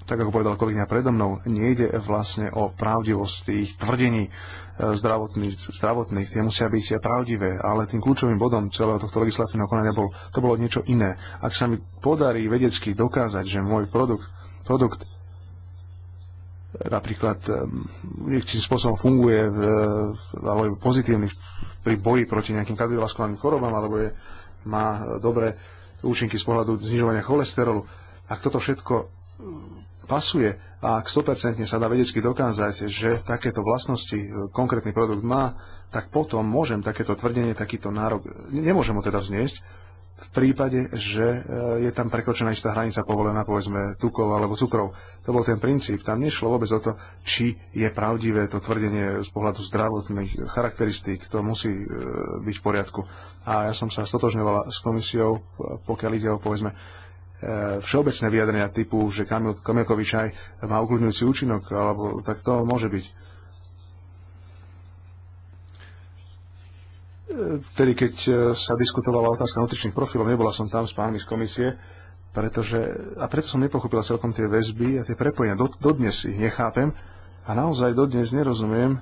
tak ako povedal kolegyňa predo mnou, nejde vlastne o pravdivosť tých tvrdení e, zdravotných, zdravotných. Tie musia byť pravdivé, ale tým kľúčovým bodom celého tohto legislatívneho konania bol, to bolo niečo iné. Ak sa mi podarí vedecky dokázať, že môj produkt, produkt e, napríklad e, nejakým spôsobom funguje v, alebo je pozitívny pri boji proti nejakým kardiovaskulárnym chorobám alebo je, má dobré účinky z pohľadu znižovania cholesterolu. Ak toto všetko pasuje a ak 100% sa dá vedecky dokázať, že takéto vlastnosti e, konkrétny produkt má, tak potom môžem takéto tvrdenie, takýto nárok, nemôžem ho teda vzniesť, v prípade, že e, je tam prekročená istá hranica povolená, povedzme, tukov alebo cukrov. To bol ten princíp. Tam nešlo vôbec o to, či je pravdivé to tvrdenie z pohľadu zdravotných charakteristík. To musí e, byť v poriadku. A ja som sa stotožňovala s komisiou, pokiaľ ide o, povedzme, E, všeobecné vyjadrenia typu, že Kamil, Kamilkovič aj má ukludňujúci účinok, alebo tak to môže byť. Vtedy, e, keď e, sa diskutovala otázka nutričných profilov, nebola som tam s pánmi z komisie, pretože, a preto som nepochopila celkom tie väzby a tie prepojenia. Dod, dodnes ich nechápem a naozaj dodnes nerozumiem,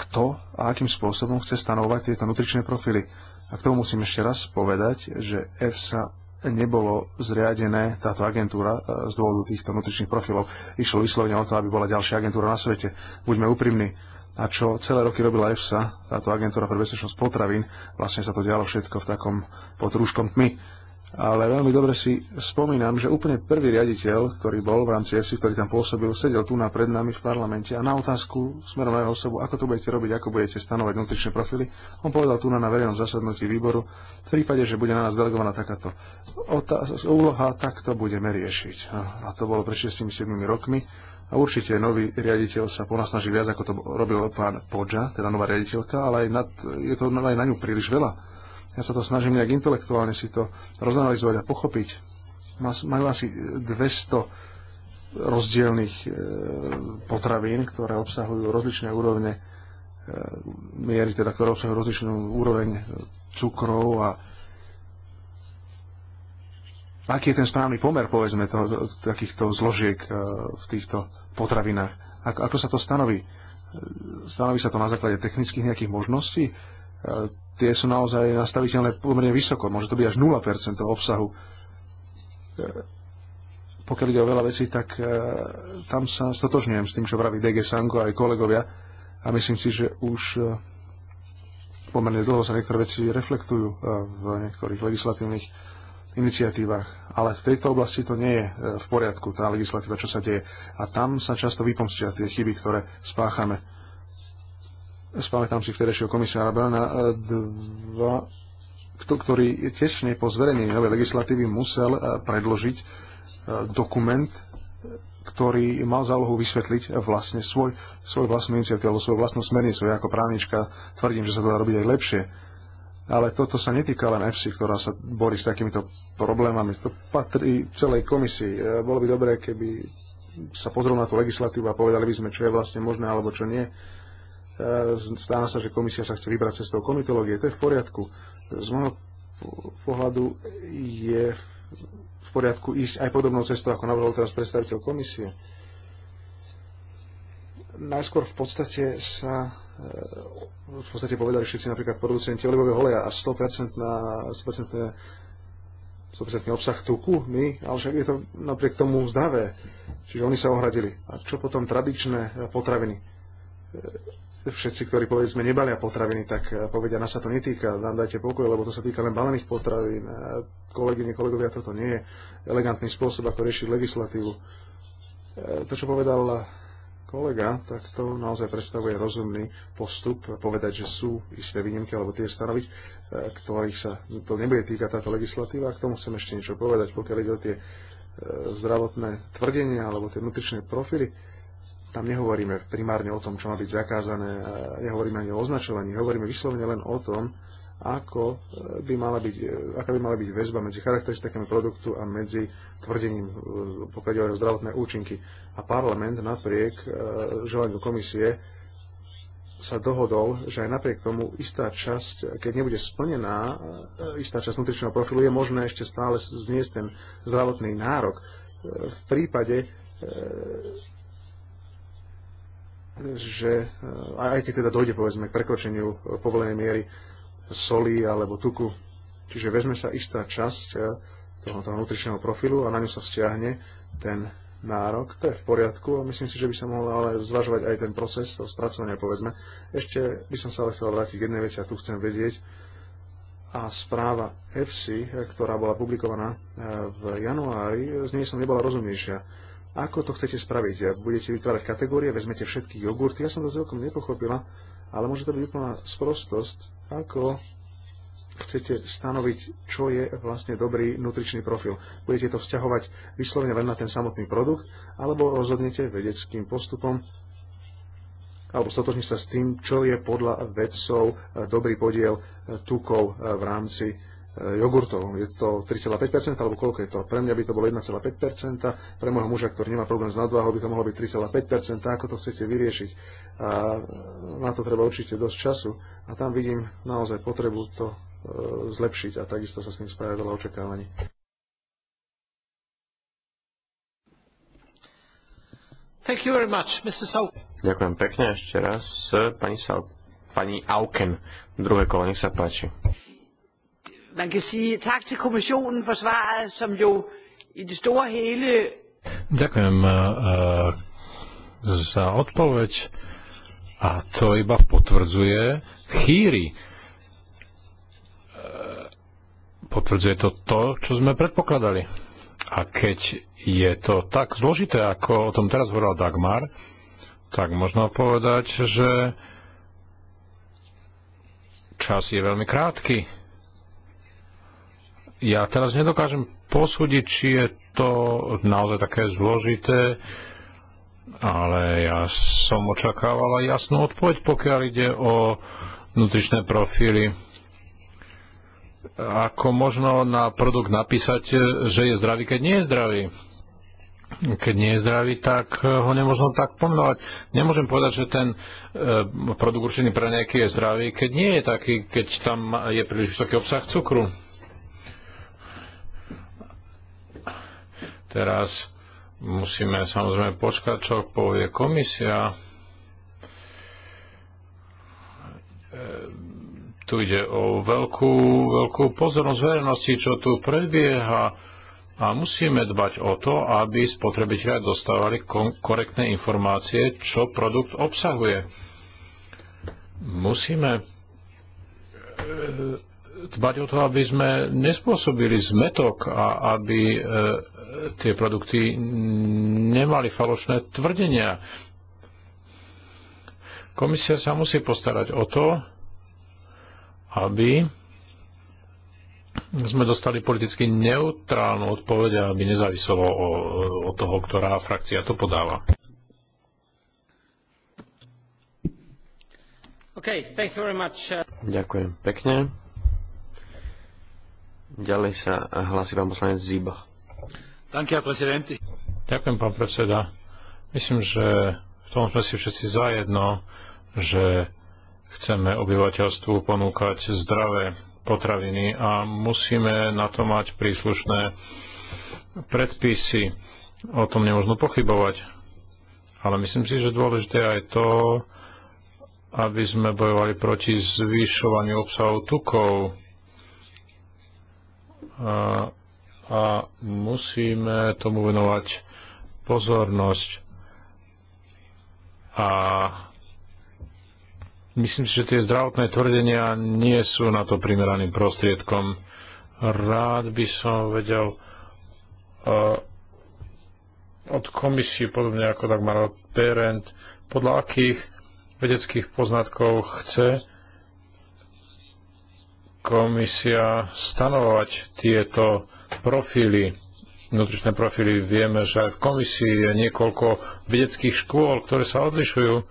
kto a akým spôsobom chce stanovať tieto nutričné profily. A k tomu musím ešte raz povedať, že EFSA nebolo zriadené táto agentúra e, z dôvodu týchto nutričných profilov. Išlo vyslovene o to, aby bola ďalšia agentúra na svete. Buďme úprimní. A čo celé roky robila EFSA, táto agentúra pre bezpečnosť potravín, vlastne sa to dialo všetko v takom pod rúškom tmy ale veľmi dobre si spomínam, že úplne prvý riaditeľ, ktorý bol v rámci EFSI, ktorý tam pôsobil, sedel tu na pred nami v parlamente a na otázku smerom na jeho osobu, ako to budete robiť, ako budete stanovať nutričné profily, on povedal tu na, na verejnom zasadnutí výboru, v prípade, že bude na nás delegovaná takáto otáz- úloha, tak to budeme riešiť. A to bolo pred 6-7 rokmi. A určite nový riaditeľ sa ponasnaží viac, ako to robil pán Podža, teda nová riaditeľka, ale aj nad, je to aj na ňu príliš veľa ja sa to snažím nejak intelektuálne si to rozanalizovať a pochopiť. Majú asi 200 rozdielných e, potravín, ktoré obsahujú rozličné úrovne e, miery, teda ktoré obsahujú rozličnú úroveň e, cukrov a aký je ten správny pomer, povedzme, toho, takýchto zložiek v týchto potravinách. Ako, ako sa to stanoví? Stanoví sa to na základe technických nejakých možností? E, tie sú naozaj nastaviteľné pomerne vysoko, môže to byť až 0% obsahu. E, pokiaľ ide o veľa vecí, tak e, tam sa stotožňujem s tým, čo praví DG Sanko aj kolegovia a myslím si, že už pomerne dlho sa niektoré veci reflektujú v niektorých legislatívnych iniciatívach, ale v tejto oblasti to nie je v poriadku, tá legislatíva, čo sa deje. A tam sa často vypomstia tie chyby, ktoré spáchame spamätám si vtedejšieho komisára Belna, e, dva, ktorý tesne po zverejnení novej legislatívy musel e, predložiť e, dokument, ktorý mal za úlohu vysvetliť vlastne svoj, svoj vlastnú iniciatívu, svoju vlastnú smernicu. Ja ako právnička tvrdím, že sa to dá robiť aj lepšie. Ale toto sa netýka len EFSI, ktorá sa borí s takýmito problémami. To patrí celej komisii. Bolo by dobré, keby sa pozrel na tú legislatívu a povedali by sme, čo je vlastne možné alebo čo nie zdá e, sa, že komisia sa chce vybrať cestou komitológie. To je v poriadku. Z môjho pohľadu je v poriadku ísť aj podobnou cestou, ako navrhol teraz predstaviteľ komisie. Najskôr v podstate sa e, v podstate povedali všetci napríklad producenti olivového oleja a 100%, na, 100%, 100% obsah tuku, my, ale však je to napriek tomu zdravé. Čiže oni sa ohradili. A čo potom tradičné potraviny? E, všetci, ktorí povedzme nebalia potraviny, tak eh, povedia, nás sa to netýka, nám dajte pokoj, lebo to sa týka len balených potravín. Kolegyne, kolegovia, toto nie je elegantný spôsob, ako riešiť legislatívu. Eh, to, čo povedal kolega, tak to naozaj predstavuje rozumný postup povedať, že sú isté výnimky, alebo tie stanoviť, eh, ktorých sa to nebude týkať táto legislatíva. K tomu chcem ešte niečo povedať, pokiaľ ide o tie zdravotné tvrdenia alebo tie nutričné profily tam nehovoríme primárne o tom, čo má byť zakázané, nehovoríme ani o označovaní, hovoríme vyslovene len o tom, ako e, by mala byť, e, aká by mala byť väzba medzi charakteristikami produktu a medzi tvrdením, e, pokiaľ ide o zdravotné účinky. A parlament napriek želaniu komisie sa dohodol, že aj napriek tomu istá časť, keď nebude splnená, istá časť nutričného profilu, je možné ešte stále zniesť ten zdravotný nárok. V prípade že e, aj keď teda dojde povedzme k prekročeniu e, povolenej miery soli alebo tuku, čiže vezme sa istá časť e, toho, toho nutričného profilu a na ňu sa vzťahne ten nárok, to je v poriadku a myslím si, že by sa mohol ale zvažovať aj ten proces toho spracovania, povedzme. Ešte by som sa ale chcel vrátiť k jednej veci a tu chcem vedieť. A správa EFSI, ktorá bola publikovaná v januári, z nej som nebola rozumnejšia ako to chcete spraviť? Budete vytvárať kategórie, vezmete všetky jogurty? Ja som to celkom nepochopila, ale môže to byť úplná sprostosť. Ako chcete stanoviť, čo je vlastne dobrý nutričný profil. Budete to vzťahovať vyslovene len na ten samotný produkt, alebo rozhodnete vedeckým postupom, alebo stotožní sa s tým, čo je podľa vedcov dobrý podiel tukov v rámci jogurtov. Je to 3,5% alebo koľko je to? Pre mňa by to bolo 1,5%, pre môjho muža, ktorý nemá problém s nadváhou, by to mohlo byť 3,5%. Ako to chcete vyriešiť? A e, na to treba určite dosť času. A tam vidím naozaj potrebu to e, zlepšiť a takisto sa s tým spája veľa očakávaní. Thank you very much, Ďakujem pekne ešte raz, pani, Sau- pani Auken. Druhé kolo, nech sa páči man kan sige tak til kommissionen for svaret, som jo i det store hele... Ďakujem uh, za odpoveď a to iba potvrdzuje chýry. Eh, potvrdzuje to to, čo sme predpokladali. A keď je to tak zložité, ako o tom teraz hovoril Dagmar, tak možno povedať, že čas je veľmi krátky ja teraz nedokážem posúdiť, či je to naozaj také zložité, ale ja som očakávala jasnú odpoveď, pokiaľ ide o nutričné profily. Ako možno na produkt napísať, že je zdravý, keď nie je zdravý? Keď nie je zdravý, tak ho nemôžno tak pomenovať. Nemôžem povedať, že ten e, produkt určený pre nejaký je zdravý, keď nie je taký, keď tam je príliš vysoký obsah cukru. Teraz musíme samozrejme počkať, čo povie komisia. E, tu ide o veľkú, veľkú pozornosť verejnosti, čo tu prebieha a musíme dbať o to, aby spotrebitelia dostávali korektné informácie, čo produkt obsahuje. Musíme e, dbať o to, aby sme nespôsobili zmetok a aby e, tie produkty nemali falošné tvrdenia. Komisia sa musí postarať o to, aby sme dostali politicky neutrálnu odpoveď a aby nezáviselo od toho, ktorá frakcia to podáva. Okay, uh Ďakujem pekne. Ďalej sa hlási pán poslanec Zíba. Ďakujem, pán predseda. Myslím, že v tom sme si všetci zajedno, že chceme obyvateľstvu ponúkať zdravé potraviny a musíme na to mať príslušné predpisy. O tom nemôžno pochybovať. Ale myslím si, že dôležité aj to, aby sme bojovali proti zvyšovaniu obsahu tukov a, a musíme tomu venovať pozornosť. A myslím si, že tie zdravotné tvrdenia nie sú na to primeraným prostriedkom. Rád by som vedel a, od komisie, podobne ako Dagmar Parent, podľa akých vedeckých poznatkov chce komisia stanovať tieto profily, nutričné profily. Vieme, že v komisii je niekoľko vedeckých škôl, ktoré sa odlišujú. E,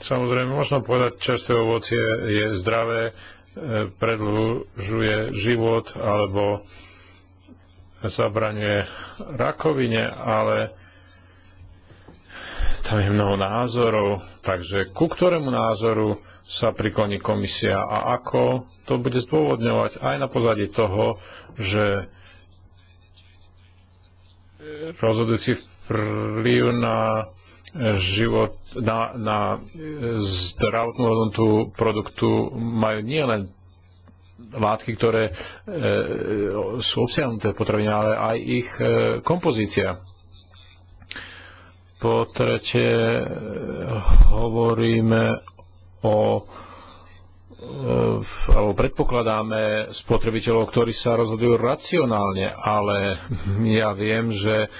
samozrejme, možno povedať, čerstvé ovocie je zdravé, e, predlžuje život alebo zabraňuje rakovine, ale tam je mnoho názorov. Takže ku ktorému názoru sa prikloní komisia a ako to bude zdôvodňovať aj na pozadí toho, že rozhodujúci vplyv na život, na, na zdravotnú hodnotu produktu majú nielen látky, ktoré e, sú obsiahnuté potraviny, ale aj ich e, kompozícia. Po tretie e, hovoríme o eh, alebo predpokladáme spotrebiteľov, ktorí sa rozhodujú racionálne, ale ja viem, že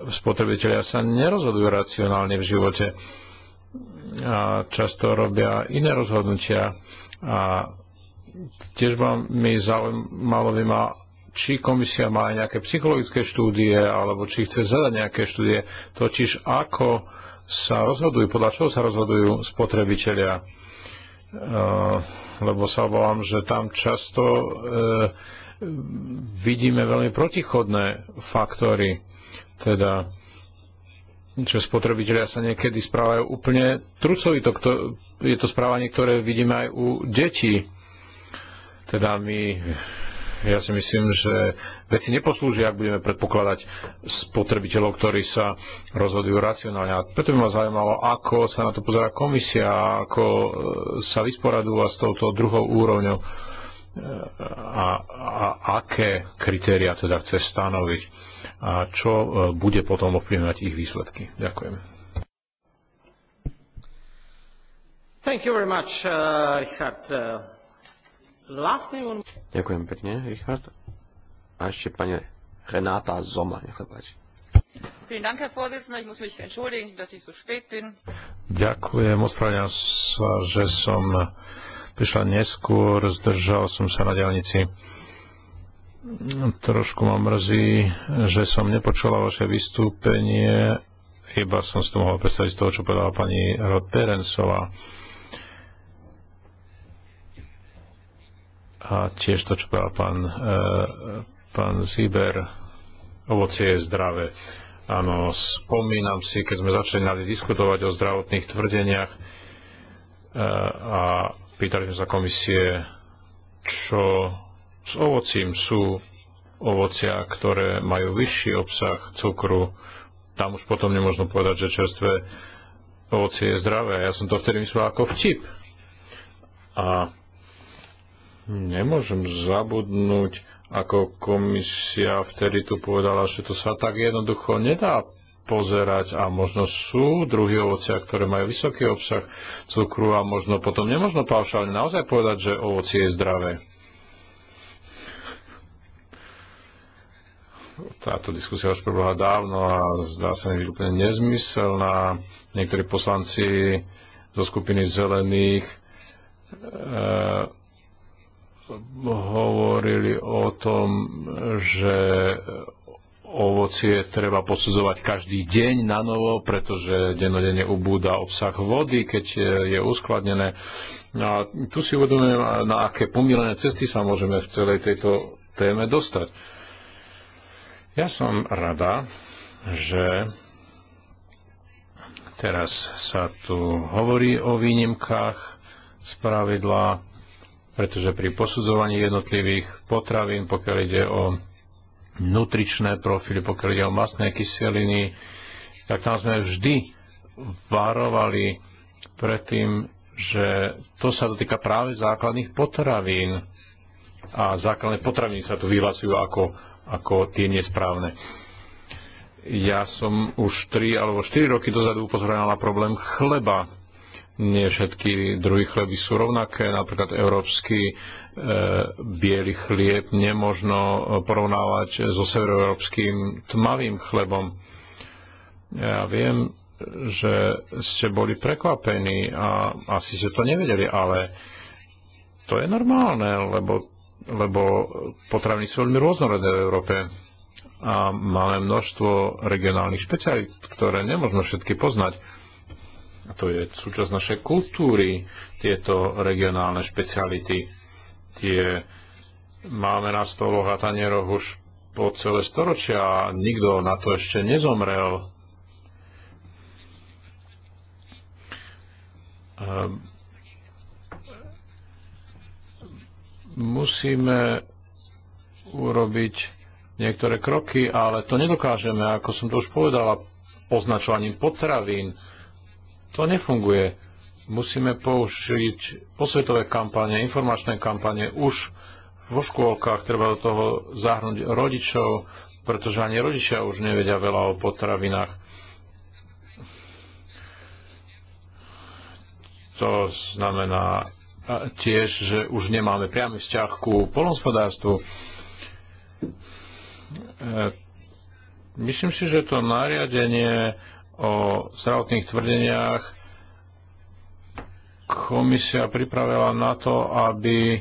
spotrebitelia sa nerozhodujú racionálne v živote a často robia iné rozhodnutia a tiež vám mi zaujímalo by ma, či komisia má aj nejaké psychologické štúdie, alebo či chce zadať nejaké štúdie, totiž ako sa rozhodujú, podľa čoho sa rozhodujú spotrebitelia Eh, lebo sa obávam, že tam často eh, vidíme veľmi protichodné faktory, teda že spotrebitelia sa niekedy správajú úplne trucovito. Je to správanie, ktoré vidíme aj u detí. Teda my ja si myslím, že veci neposlúžia, ak budeme predpokladať spotrebiteľov, ktorí sa rozhodujú racionálne. A preto by ma zaujímalo, ako sa na to pozerá komisia, ako e, sa vysporadúva s touto druhou úrovňou e, a, a aké kritéria teda chce stanoviť a čo e, bude potom ovplyvňovať ich výsledky. Ďakujem. Thank you very much, uh, Richard. Uh... One... Ďakujem pekne, Richard. A ešte pani Renáta Zoma, nech sa páči. Ďakujem, ospravedlňujem sa, že som prišla neskôr, zdržal som sa na diálnici. Trošku ma mrzí, že som nepočula vaše vystúpenie, iba som si to mohol predstaviť z toho, čo povedala pani Rod Perensová A tiež to, čo povedal pán, e, pán Ziber, ovocie je zdravé. Áno, spomínam si, keď sme začali diskutovať o zdravotných tvrdeniach e, a pýtali sme sa komisie, čo s ovocím sú ovocia, ktoré majú vyšší obsah cukru. Tam už potom nemôžno povedať, že čerstvé ovocie je zdravé. Ja som to vtedy myslel ako vtip. A nemôžem zabudnúť, ako komisia vtedy tu povedala, že to sa tak jednoducho nedá pozerať a možno sú druhy ovocia, ktoré majú vysoký obsah cukru a možno potom nemožno paušálne naozaj povedať, že ovocie je zdravé. táto diskusia už prebehla dávno a zdá sa mi úplne nezmyselná. Niektorí poslanci zo skupiny zelených e, hovorili o tom, že ovocie treba posudzovať každý deň na novo, pretože denodene ubúda obsah vody, keď je uskladnené. A tu si uvedomujem, na aké pomílené cesty sa môžeme v celej tejto téme dostať. Ja som rada, že teraz sa tu hovorí o výnimkách z pravidla pretože pri posudzovaní jednotlivých potravín, pokiaľ ide o nutričné profily, pokiaľ ide o masné kyseliny, tak tam sme vždy varovali pred tým, že to sa dotýka práve základných potravín. A základné potraviny sa tu vyhlasujú ako, ako tie nesprávne. Ja som už 3 alebo 4 roky dozadu upozorňoval na problém chleba. Nie všetky druhy chleby sú rovnaké, napríklad európsky e, biely chlieb nemožno porovnávať so severoeurópskym tmavým chlebom. Ja viem, že ste boli prekvapení a asi ste to nevedeli, ale to je normálne, lebo, lebo potraviny sú veľmi rôznorodné v Európe a máme množstvo regionálnych špecialít, ktoré nemôžeme všetky poznať. A To je súčasť našej kultúry, tieto regionálne špeciality. Tie máme na stoloch a tanieroch už po celé storočia a nikto na to ešte nezomrel. Ehm, musíme urobiť niektoré kroky, ale to nedokážeme, ako som to už povedala, označovaním potravín, to nefunguje. Musíme použiť osvetové kampane, informačné kampane už vo škôlkach, treba do toho zahrnúť rodičov, pretože ani rodičia už nevedia veľa o potravinách. To znamená tiež, že už nemáme priamy vzťah ku polnospodárstvu. E, myslím si, že to nariadenie o zdravotných tvrdeniach komisia pripravila na to, aby e,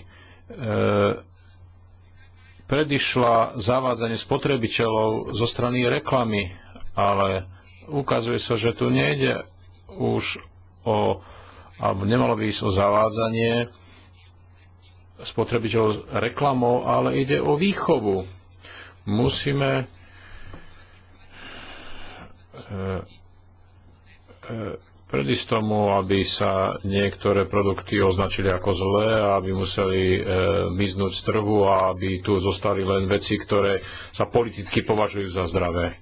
predišla zavádzanie spotrebiteľov zo strany reklamy, ale ukazuje sa, že tu nejde už o, alebo nemalo by ísť o zavádzanie spotrebiteľov reklamou, ale ide o výchovu. Musíme e, predísť tomu, aby sa niektoré produkty označili ako zlé, aby museli e, miznúť z trhu a aby tu zostali len veci, ktoré sa politicky považujú za zdravé.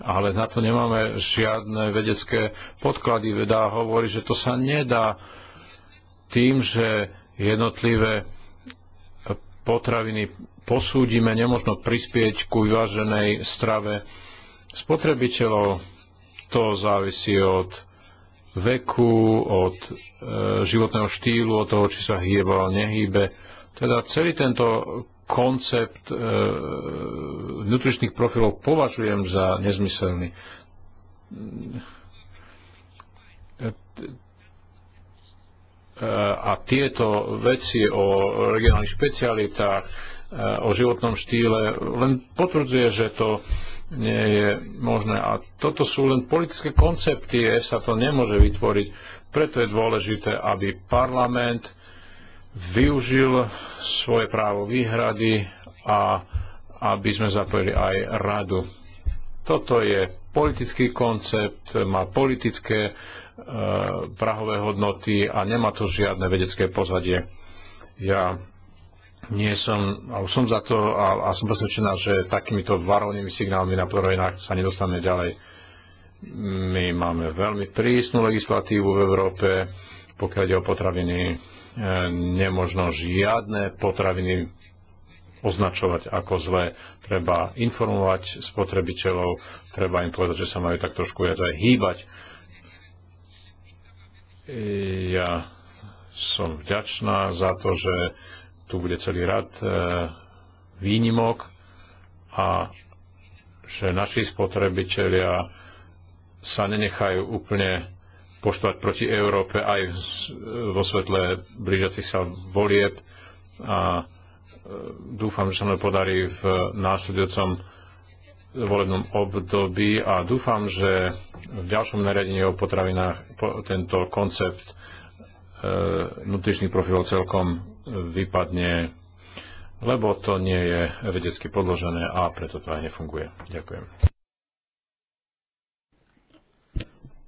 Ale na to nemáme žiadne vedecké podklady. Veda hovorí, že to sa nedá tým, že jednotlivé potraviny posúdime, nemožno prispieť ku vyváženej strave spotrebiteľov to závisí od veku, od e, životného štýlu, od toho, či sa hýbe alebo nehýbe. Teda celý tento koncept e, nutričných profilov považujem za nezmyselný. E, a tieto veci o regionálnych špecialitách, e, o životnom štýle len potvrdzuje, že to nie je možné. A toto sú len politické koncepty, sa to nemôže vytvoriť. Preto je dôležité, aby parlament využil svoje právo výhrady a aby sme zapojili aj radu. Toto je politický koncept, má politické e, prahové hodnoty a nemá to žiadne vedecké pozadie. Ja nie som, a už som za to a, a som presvedčená, že takýmito varovnými signálmi na inak sa nedostaneme ďalej. My máme veľmi prísnu legislatívu v Európe, pokiaľ ide o potraviny, e, nemožno žiadne potraviny označovať ako zlé. Treba informovať spotrebiteľov, treba im povedať, že sa majú tak trošku viac aj hýbať. E, ja som vďačná za to, že tu bude celý rad e, výnimok a že naši spotrebitelia sa nenechajú úplne poštovať proti Európe aj vo svetle blížiacich sa volieb a e, dúfam, že sa mi podarí v následujúcom volebnom období a dúfam, že v ďalšom nariadení o potravinách tento koncept E, nutričný profil celkom vypadne, lebo to nie je vedecky podložené a preto to aj nefunguje. Ďakujem.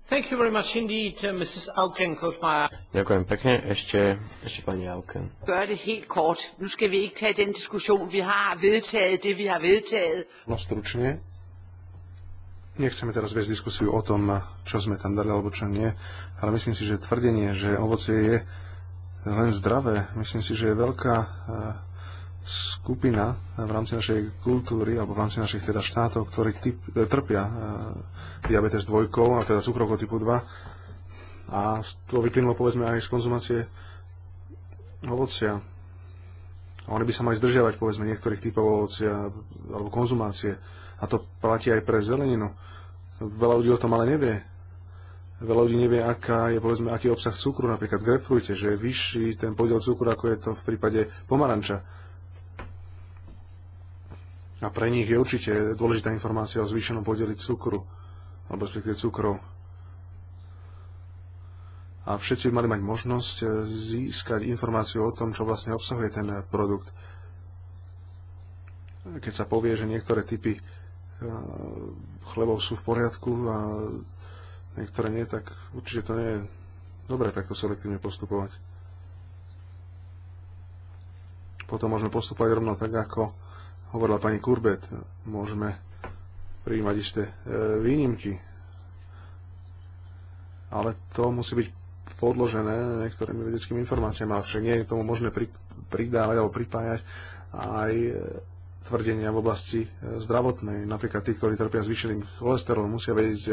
Thank you very much indeed, uh, Mrs. Auken Kotmeier. Ďakujem pekne. Ešte, ešte pani Auken. Gør er det helt kort. Nu skal vi ikke tage den diskussion, vi har vedtaget det, vi har vedtaget. No stručne. Nechceme teraz viesť diskusiu o tom, čo sme tam dali alebo čo nie, ale myslím si, že tvrdenie, že ovocie je len zdravé, myslím si, že je veľká e, skupina v rámci našej kultúry alebo v rámci našich teda štátov, ktorí typ, e, trpia e, diabetes dvojkou a teda cukrovko typu 2 a to vyplynulo povedzme aj z konzumácie ovocia. A oni by sa mali zdržiavať povedzme niektorých typov ovocia alebo konzumácie a to platí aj pre zeleninu. Veľa ľudí o tom ale nevie. Veľa ľudí nevie, aká je, povedzme, aký je obsah cukru, napríklad v že je vyšší ten podiel cukru, ako je to v prípade pomaranča. A pre nich je určite dôležitá informácia o zvýšenom podeli cukru, alebo respektíve cukrov. A všetci mali mať možnosť získať informáciu o tom, čo vlastne obsahuje ten produkt. Keď sa povie, že niektoré typy chlebov sú v poriadku a niektoré nie, tak určite to nie je dobre takto selektívne postupovať. Potom môžeme postupovať rovno tak, ako hovorila pani Kurbet. Môžeme prijímať isté e, výnimky, ale to musí byť podložené niektorými vedeckými informáciami, ale však nie je tomu možné pridávať alebo pripájať aj e, tvrdenia v oblasti e, zdravotnej. Napríklad tí, ktorí trpia zvýšeným cholesterolom, musia vedieť, e,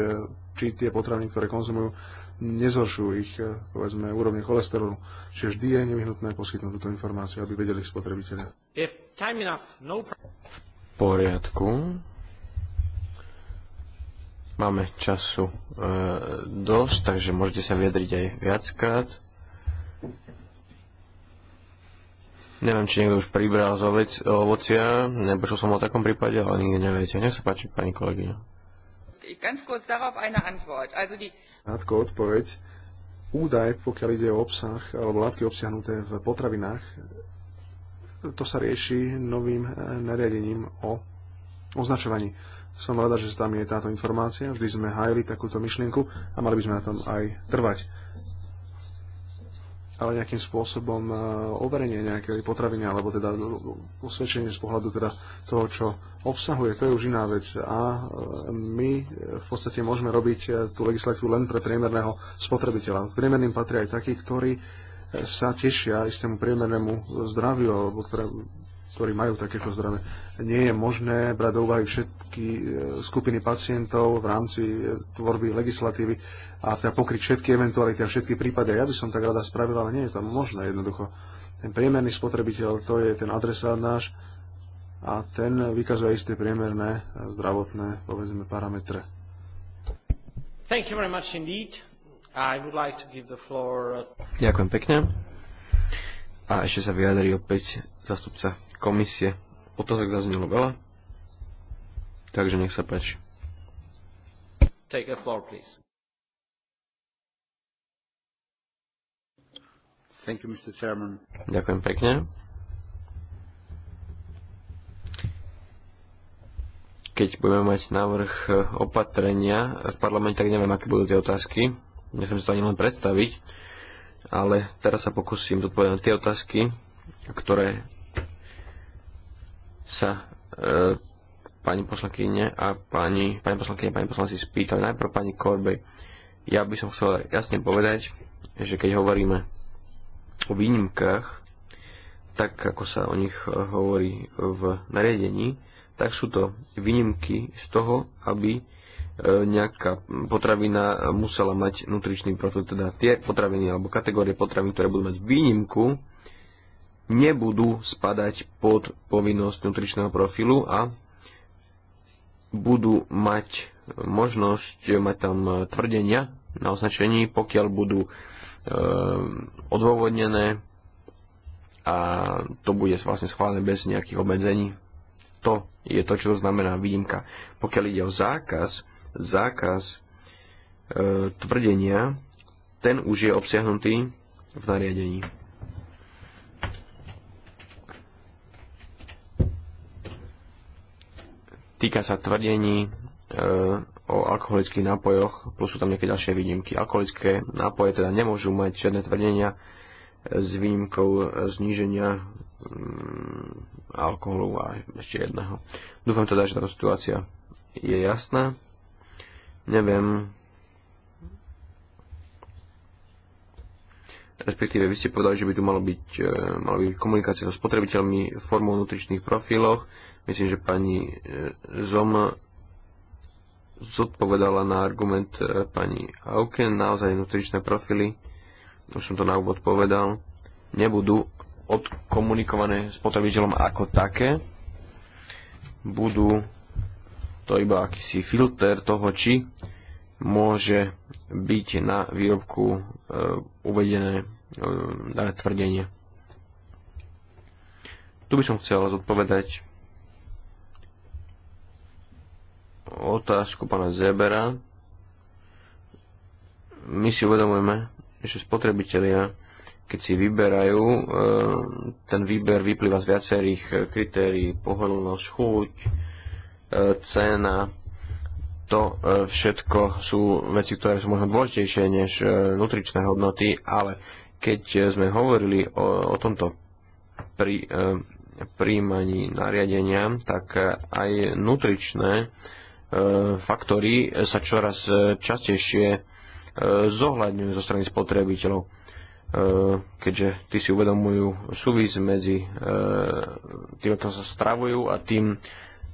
či tie potraviny, ktoré konzumujú, nezhoršujú ich, e, povedzme, úrovne cholesterolu. Čiže vždy je nevyhnutné poskytnúť túto informáciu, aby vedeli spotrebitelia. No... poriadku. Máme času e, dosť, takže môžete sa vyjadriť aj viackrát. Neviem, či niekto už pribral z ovocia, nepočul som o takom prípade, ale nikdy neviete. Nech sa páči, pani kolegyňa. Krátko odpoveď. Údaj, pokiaľ ide o obsah, alebo látky obsiahnuté v potravinách, to sa rieši novým eh, nariadením o označovaní. Som rada, že tam je táto informácia, vždy sme hajili takúto myšlienku a mali by sme na tom aj trvať ale nejakým spôsobom e, overenie nejakej potraviny, alebo teda no, no, usvedčenie z pohľadu teda toho, čo obsahuje, to je už iná vec. A e, my e, v podstate môžeme robiť tú legislatívu len pre priemerného spotrebiteľa. Priemerným patria aj takí, ktorí sa tešia istému priemernému zdraviu, alebo ktoré ktorí majú takéto zdravie. Nie je možné brať do úvahy všetky e, skupiny pacientov v rámci e, tvorby legislatívy a teda pokryť všetky eventuality a všetky prípady. Ja by som tak rada spravila, ale nie je to možné jednoducho. Ten priemerný spotrebiteľ, to je ten adresát náš a ten vykazuje isté priemerné e, zdravotné, povedzme, parametre. Thank you very much indeed. I would like to give the floor... Uh, Ďakujem pekne. A ešte sa vyjadrí opäť zastupca komisie. tak zaznelo veľa, takže nech sa páči. Take a floor, please. Thank you, Mr. Chairman. Ďakujem pekne. Keď budeme mať návrh eh, opatrenia v parlamente, tak neviem, aké budú tie otázky. Nechcem si to ani len predstaviť ale teraz sa pokúsim zodpovedať na tie otázky, ktoré sa e, pani poslankyne a pani, pani poslankyne pani poslanci spýtali. Najprv pani Korbej. Ja by som chcel jasne povedať, že keď hovoríme o výnimkách, tak ako sa o nich hovorí v nariadení, tak sú to výnimky z toho, aby e, nejaká potravina musela mať nutričný profil. Teda tie potraviny alebo kategórie potravín, ktoré budú mať výnimku, nebudú spadať pod povinnosť nutričného profilu a budú mať možnosť mať tam tvrdenia na označení, pokiaľ budú e, odôvodnené a to bude vlastne schválené bez nejakých obmedzení. To je to, čo znamená výnimka. Pokiaľ ide o zákaz, zákaz e, tvrdenia, ten už je obsiahnutý v nariadení. Týka sa tvrdení e, o alkoholických nápojoch, plus sú tam nejaké ďalšie výnimky. Alkoholické nápoje teda nemôžu mať žiadne tvrdenia e, s výnimkou e, zníženia mm, alkoholu a ešte jedného. Dúfam teda, že táto situácia je jasná. Neviem, respektíve vy ste povedali, že by tu malo byť, e, malo byť komunikácia so spotrebiteľmi formou nutričných profiloch. Myslím, že pani e, Zom zodpovedala na argument e, pani Auken, naozaj nutričné profily, už som to na úvod povedal, nebudú odkomunikované spotrebiteľom ako také, budú to iba akýsi filter toho, či môže byť na výrobku e, uvedené dané tvrdenie. Tu by som chcel zodpovedať otázku pána Zebera. My si uvedomujeme, že spotrebitelia, keď si vyberajú, e, ten výber vyplýva z viacerých e, kritérií, pohodlnosť, chuť, e, cena, to všetko sú veci, ktoré sú možno dôležitejšie než nutričné hodnoty, ale keď eh, sme hovorili o, o tomto pri, eh, príjmaní nariadenia, tak eh, aj nutričné faktory sa čoraz častejšie zohľadňujú zo strany spotrebiteľov. Keďže tí si uvedomujú súvis medzi tým, ako sa stravujú a tým,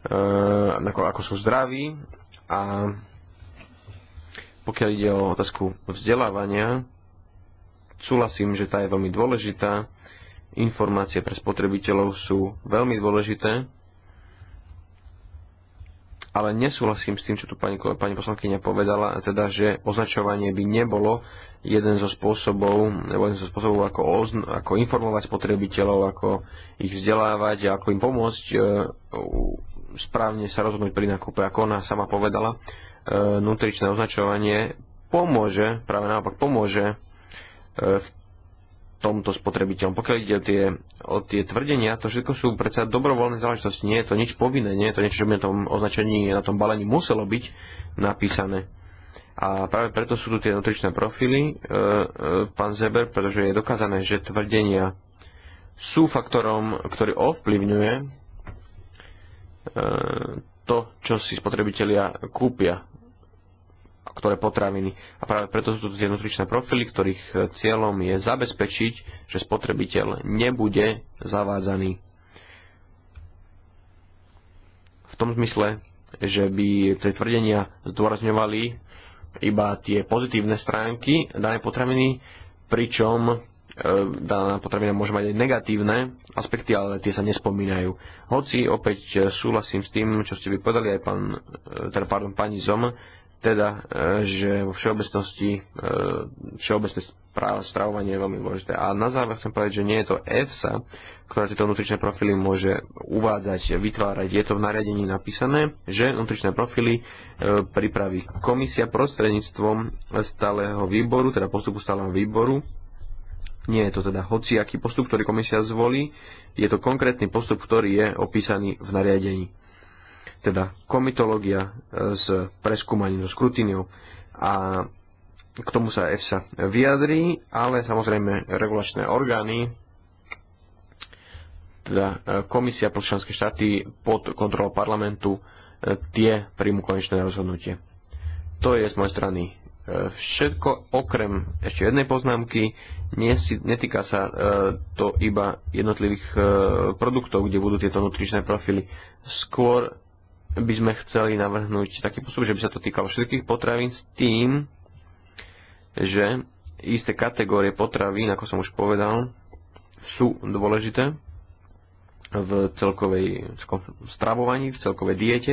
ako sú zdraví. A pokiaľ ide o otázku vzdelávania, súhlasím, že tá je veľmi dôležitá. Informácie pre spotrebiteľov sú veľmi dôležité. Ale nesúhlasím s tým, čo tu pani, pani poslankyňa povedala, teda, že označovanie by nebolo jeden zo spôsobov, nebo jeden zo spôsobov, ako, ozn- ako informovať spotrebiteľov, ako ich vzdelávať a ako im pomôcť e, správne sa rozhodnúť pri nákupe. Ako ona sama povedala, e, nutričné označovanie pomôže, práve naopak pomôže E, v tomto spotrebiteľom. Pokiaľ ide o tie, o tie tvrdenia, to všetko sú predsa dobrovoľné záležitosti. Nie je to nič povinné, nie je to niečo, čo by na tom označení, na tom balení muselo byť napísané. A práve preto sú tu tie nutričné profily, e, e, pán Zeber, pretože je dokázané, že tvrdenia sú faktorom, ktorý ovplyvňuje e, to, čo si spotrebitelia kúpia ktoré potraviny. A práve preto sú to tie nutričné profily, ktorých e, cieľom je zabezpečiť, že spotrebiteľ nebude zavádzaný. V tom zmysle, že by tie tvrdenia zdôrazňovali iba tie pozitívne stránky danej potraviny, pričom e, daná potravina môže mať aj negatívne aspekty, ale tie sa nespomínajú. Hoci opäť e, súhlasím s tým, čo ste vypovedali aj pán, teda pardon, pani Zom, teda, e, že vo všeobecnosti e, všeobecné stravovanie je veľmi dôležité. A na záver chcem povedať, že nie je to EFSA, ktorá tieto nutričné profily môže uvádzať, vytvárať. Je to v nariadení napísané, že nutričné profily e, pripraví komisia prostredníctvom stáleho výboru, teda postupu stáleho výboru. Nie je to teda hociaký postup, ktorý komisia zvolí, je to konkrétny postup, ktorý je opísaný v nariadení teda komitológia e, s preskúmaním, so skrutíniou a k tomu sa EFSA vyjadrí, ale samozrejme regulačné orgány, teda e, komisia pro členské štáty pod kontrolou parlamentu, e, tie príjmu konečné rozhodnutie. To je z mojej strany všetko, okrem ešte jednej poznámky, netýka sa to iba jednotlivých produktov, kde budú tieto nutričné profily. Skôr by sme chceli navrhnúť taký postup, že by sa to týkalo všetkých potravín s tým, že isté kategórie potravín, ako som už povedal, sú dôležité v celkovej stravovaní, v celkovej diete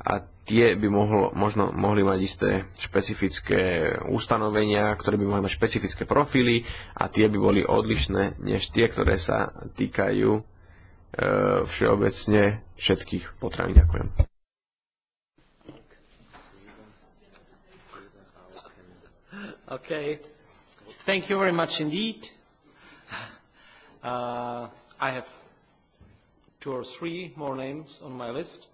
a tie by mohlo, možno mohli mať isté špecifické ustanovenia, ktoré by mohli mať špecifické profily a tie by boli odlišné než tie, ktoré sa týkajú E, všeobecne všetkých potravín. Ďakujem. Okay. Thank you very much indeed. Uh, I have two or three more names on my list.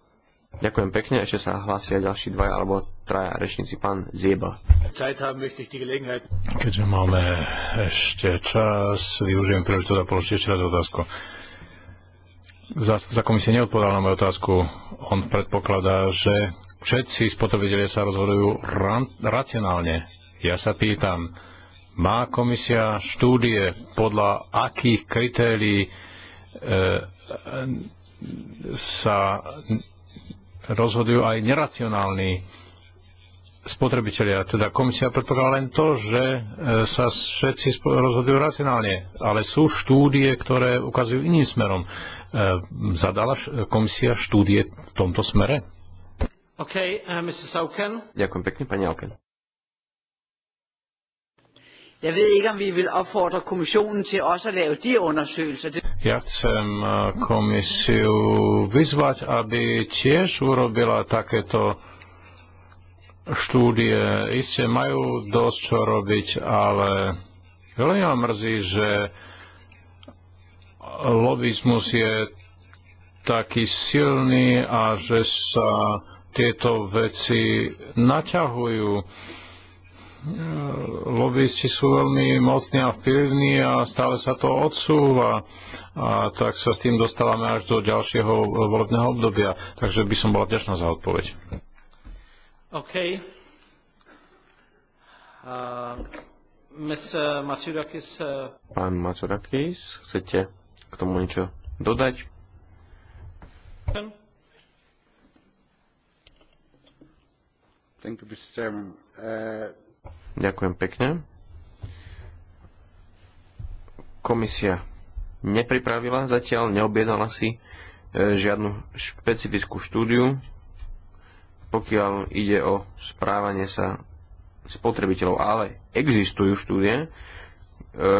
Ďakujem pekne, ešte sa hlásia ďalší dvaja alebo traja rečníci, pán Zieba. Keďže máme ešte čas, využijem príležitosť a položím ešte raz otázku. Uh, za, za komisie neodpovedal na moju otázku. On predpokladá, že všetci spotrebitelia sa rozhodujú ran, racionálne. Ja sa pýtam, má komisia štúdie, podľa akých kritérií e, sa rozhodujú aj neracionálni spotrebitelia. Teda komisia predpokladá len to, že e, sa všetci rozhodujú racionálne, ale sú štúdie, ktoré ukazujú iným smerom. E, zadala komisia štúdie v tomto smere? Okay, uh, e, Mrs. Auken. Ďakujem pekne, pani Auken. Ja chcem komisiu vyzvať, aby tiež urobila takéto štúdie iste majú dosť čo robiť, ale veľmi ma mrzí, že lobizmus je taký silný a že sa tieto veci naťahujú. Lobbysti sú veľmi mocní a vplyvní a stále sa to odsúva a tak sa s tým dostávame až do ďalšieho volebného obdobia. Takže by som bola vďačná za odpoveď. Okay. Uh, Mr. Maturakis, uh... Pán Maturakis, chcete k tomu niečo dodať? Thank you, Mr. Chairman. Uh... Ďakujem pekne. Komisia nepripravila zatiaľ, neobjednala si eh, žiadnu špecifickú štúdiu pokiaľ ide o správanie sa spotrebiteľov, ale existujú štúdie, e,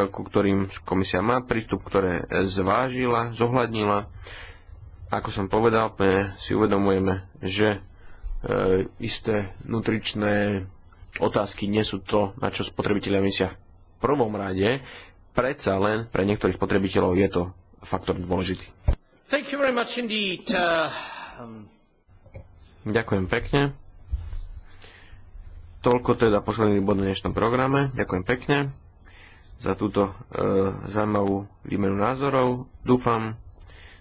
ku ktorým komisia má prístup, ktoré zvážila, zohľadnila. Ako som povedal, si uvedomujeme, že e, isté nutričné otázky nie sú to, na čo spotrebiteľia myslia v prvom rade. Predsa len pre niektorých spotrebiteľov je to faktor dôležitý. Thank you very much indeed. Uh, um... Ďakujem pekne. Toľko teda posledný bod na dnešnom programe. Ďakujem pekne za túto e, zaujímavú výmenu názorov. Dúfam,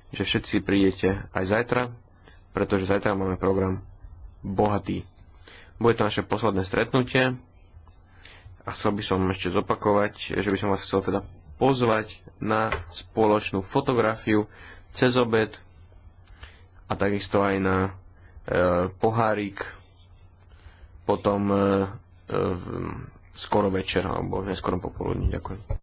že všetci prídete aj zajtra, pretože zajtra máme program bohatý. Bude to naše posledné stretnutie a chcel by som ešte zopakovať, že by som vás chcel teda pozvať na spoločnú fotografiu cez obed a takisto aj na E, pohárik, potom e, e, skoro večer alebo neskoro popoludní. Ďakujem.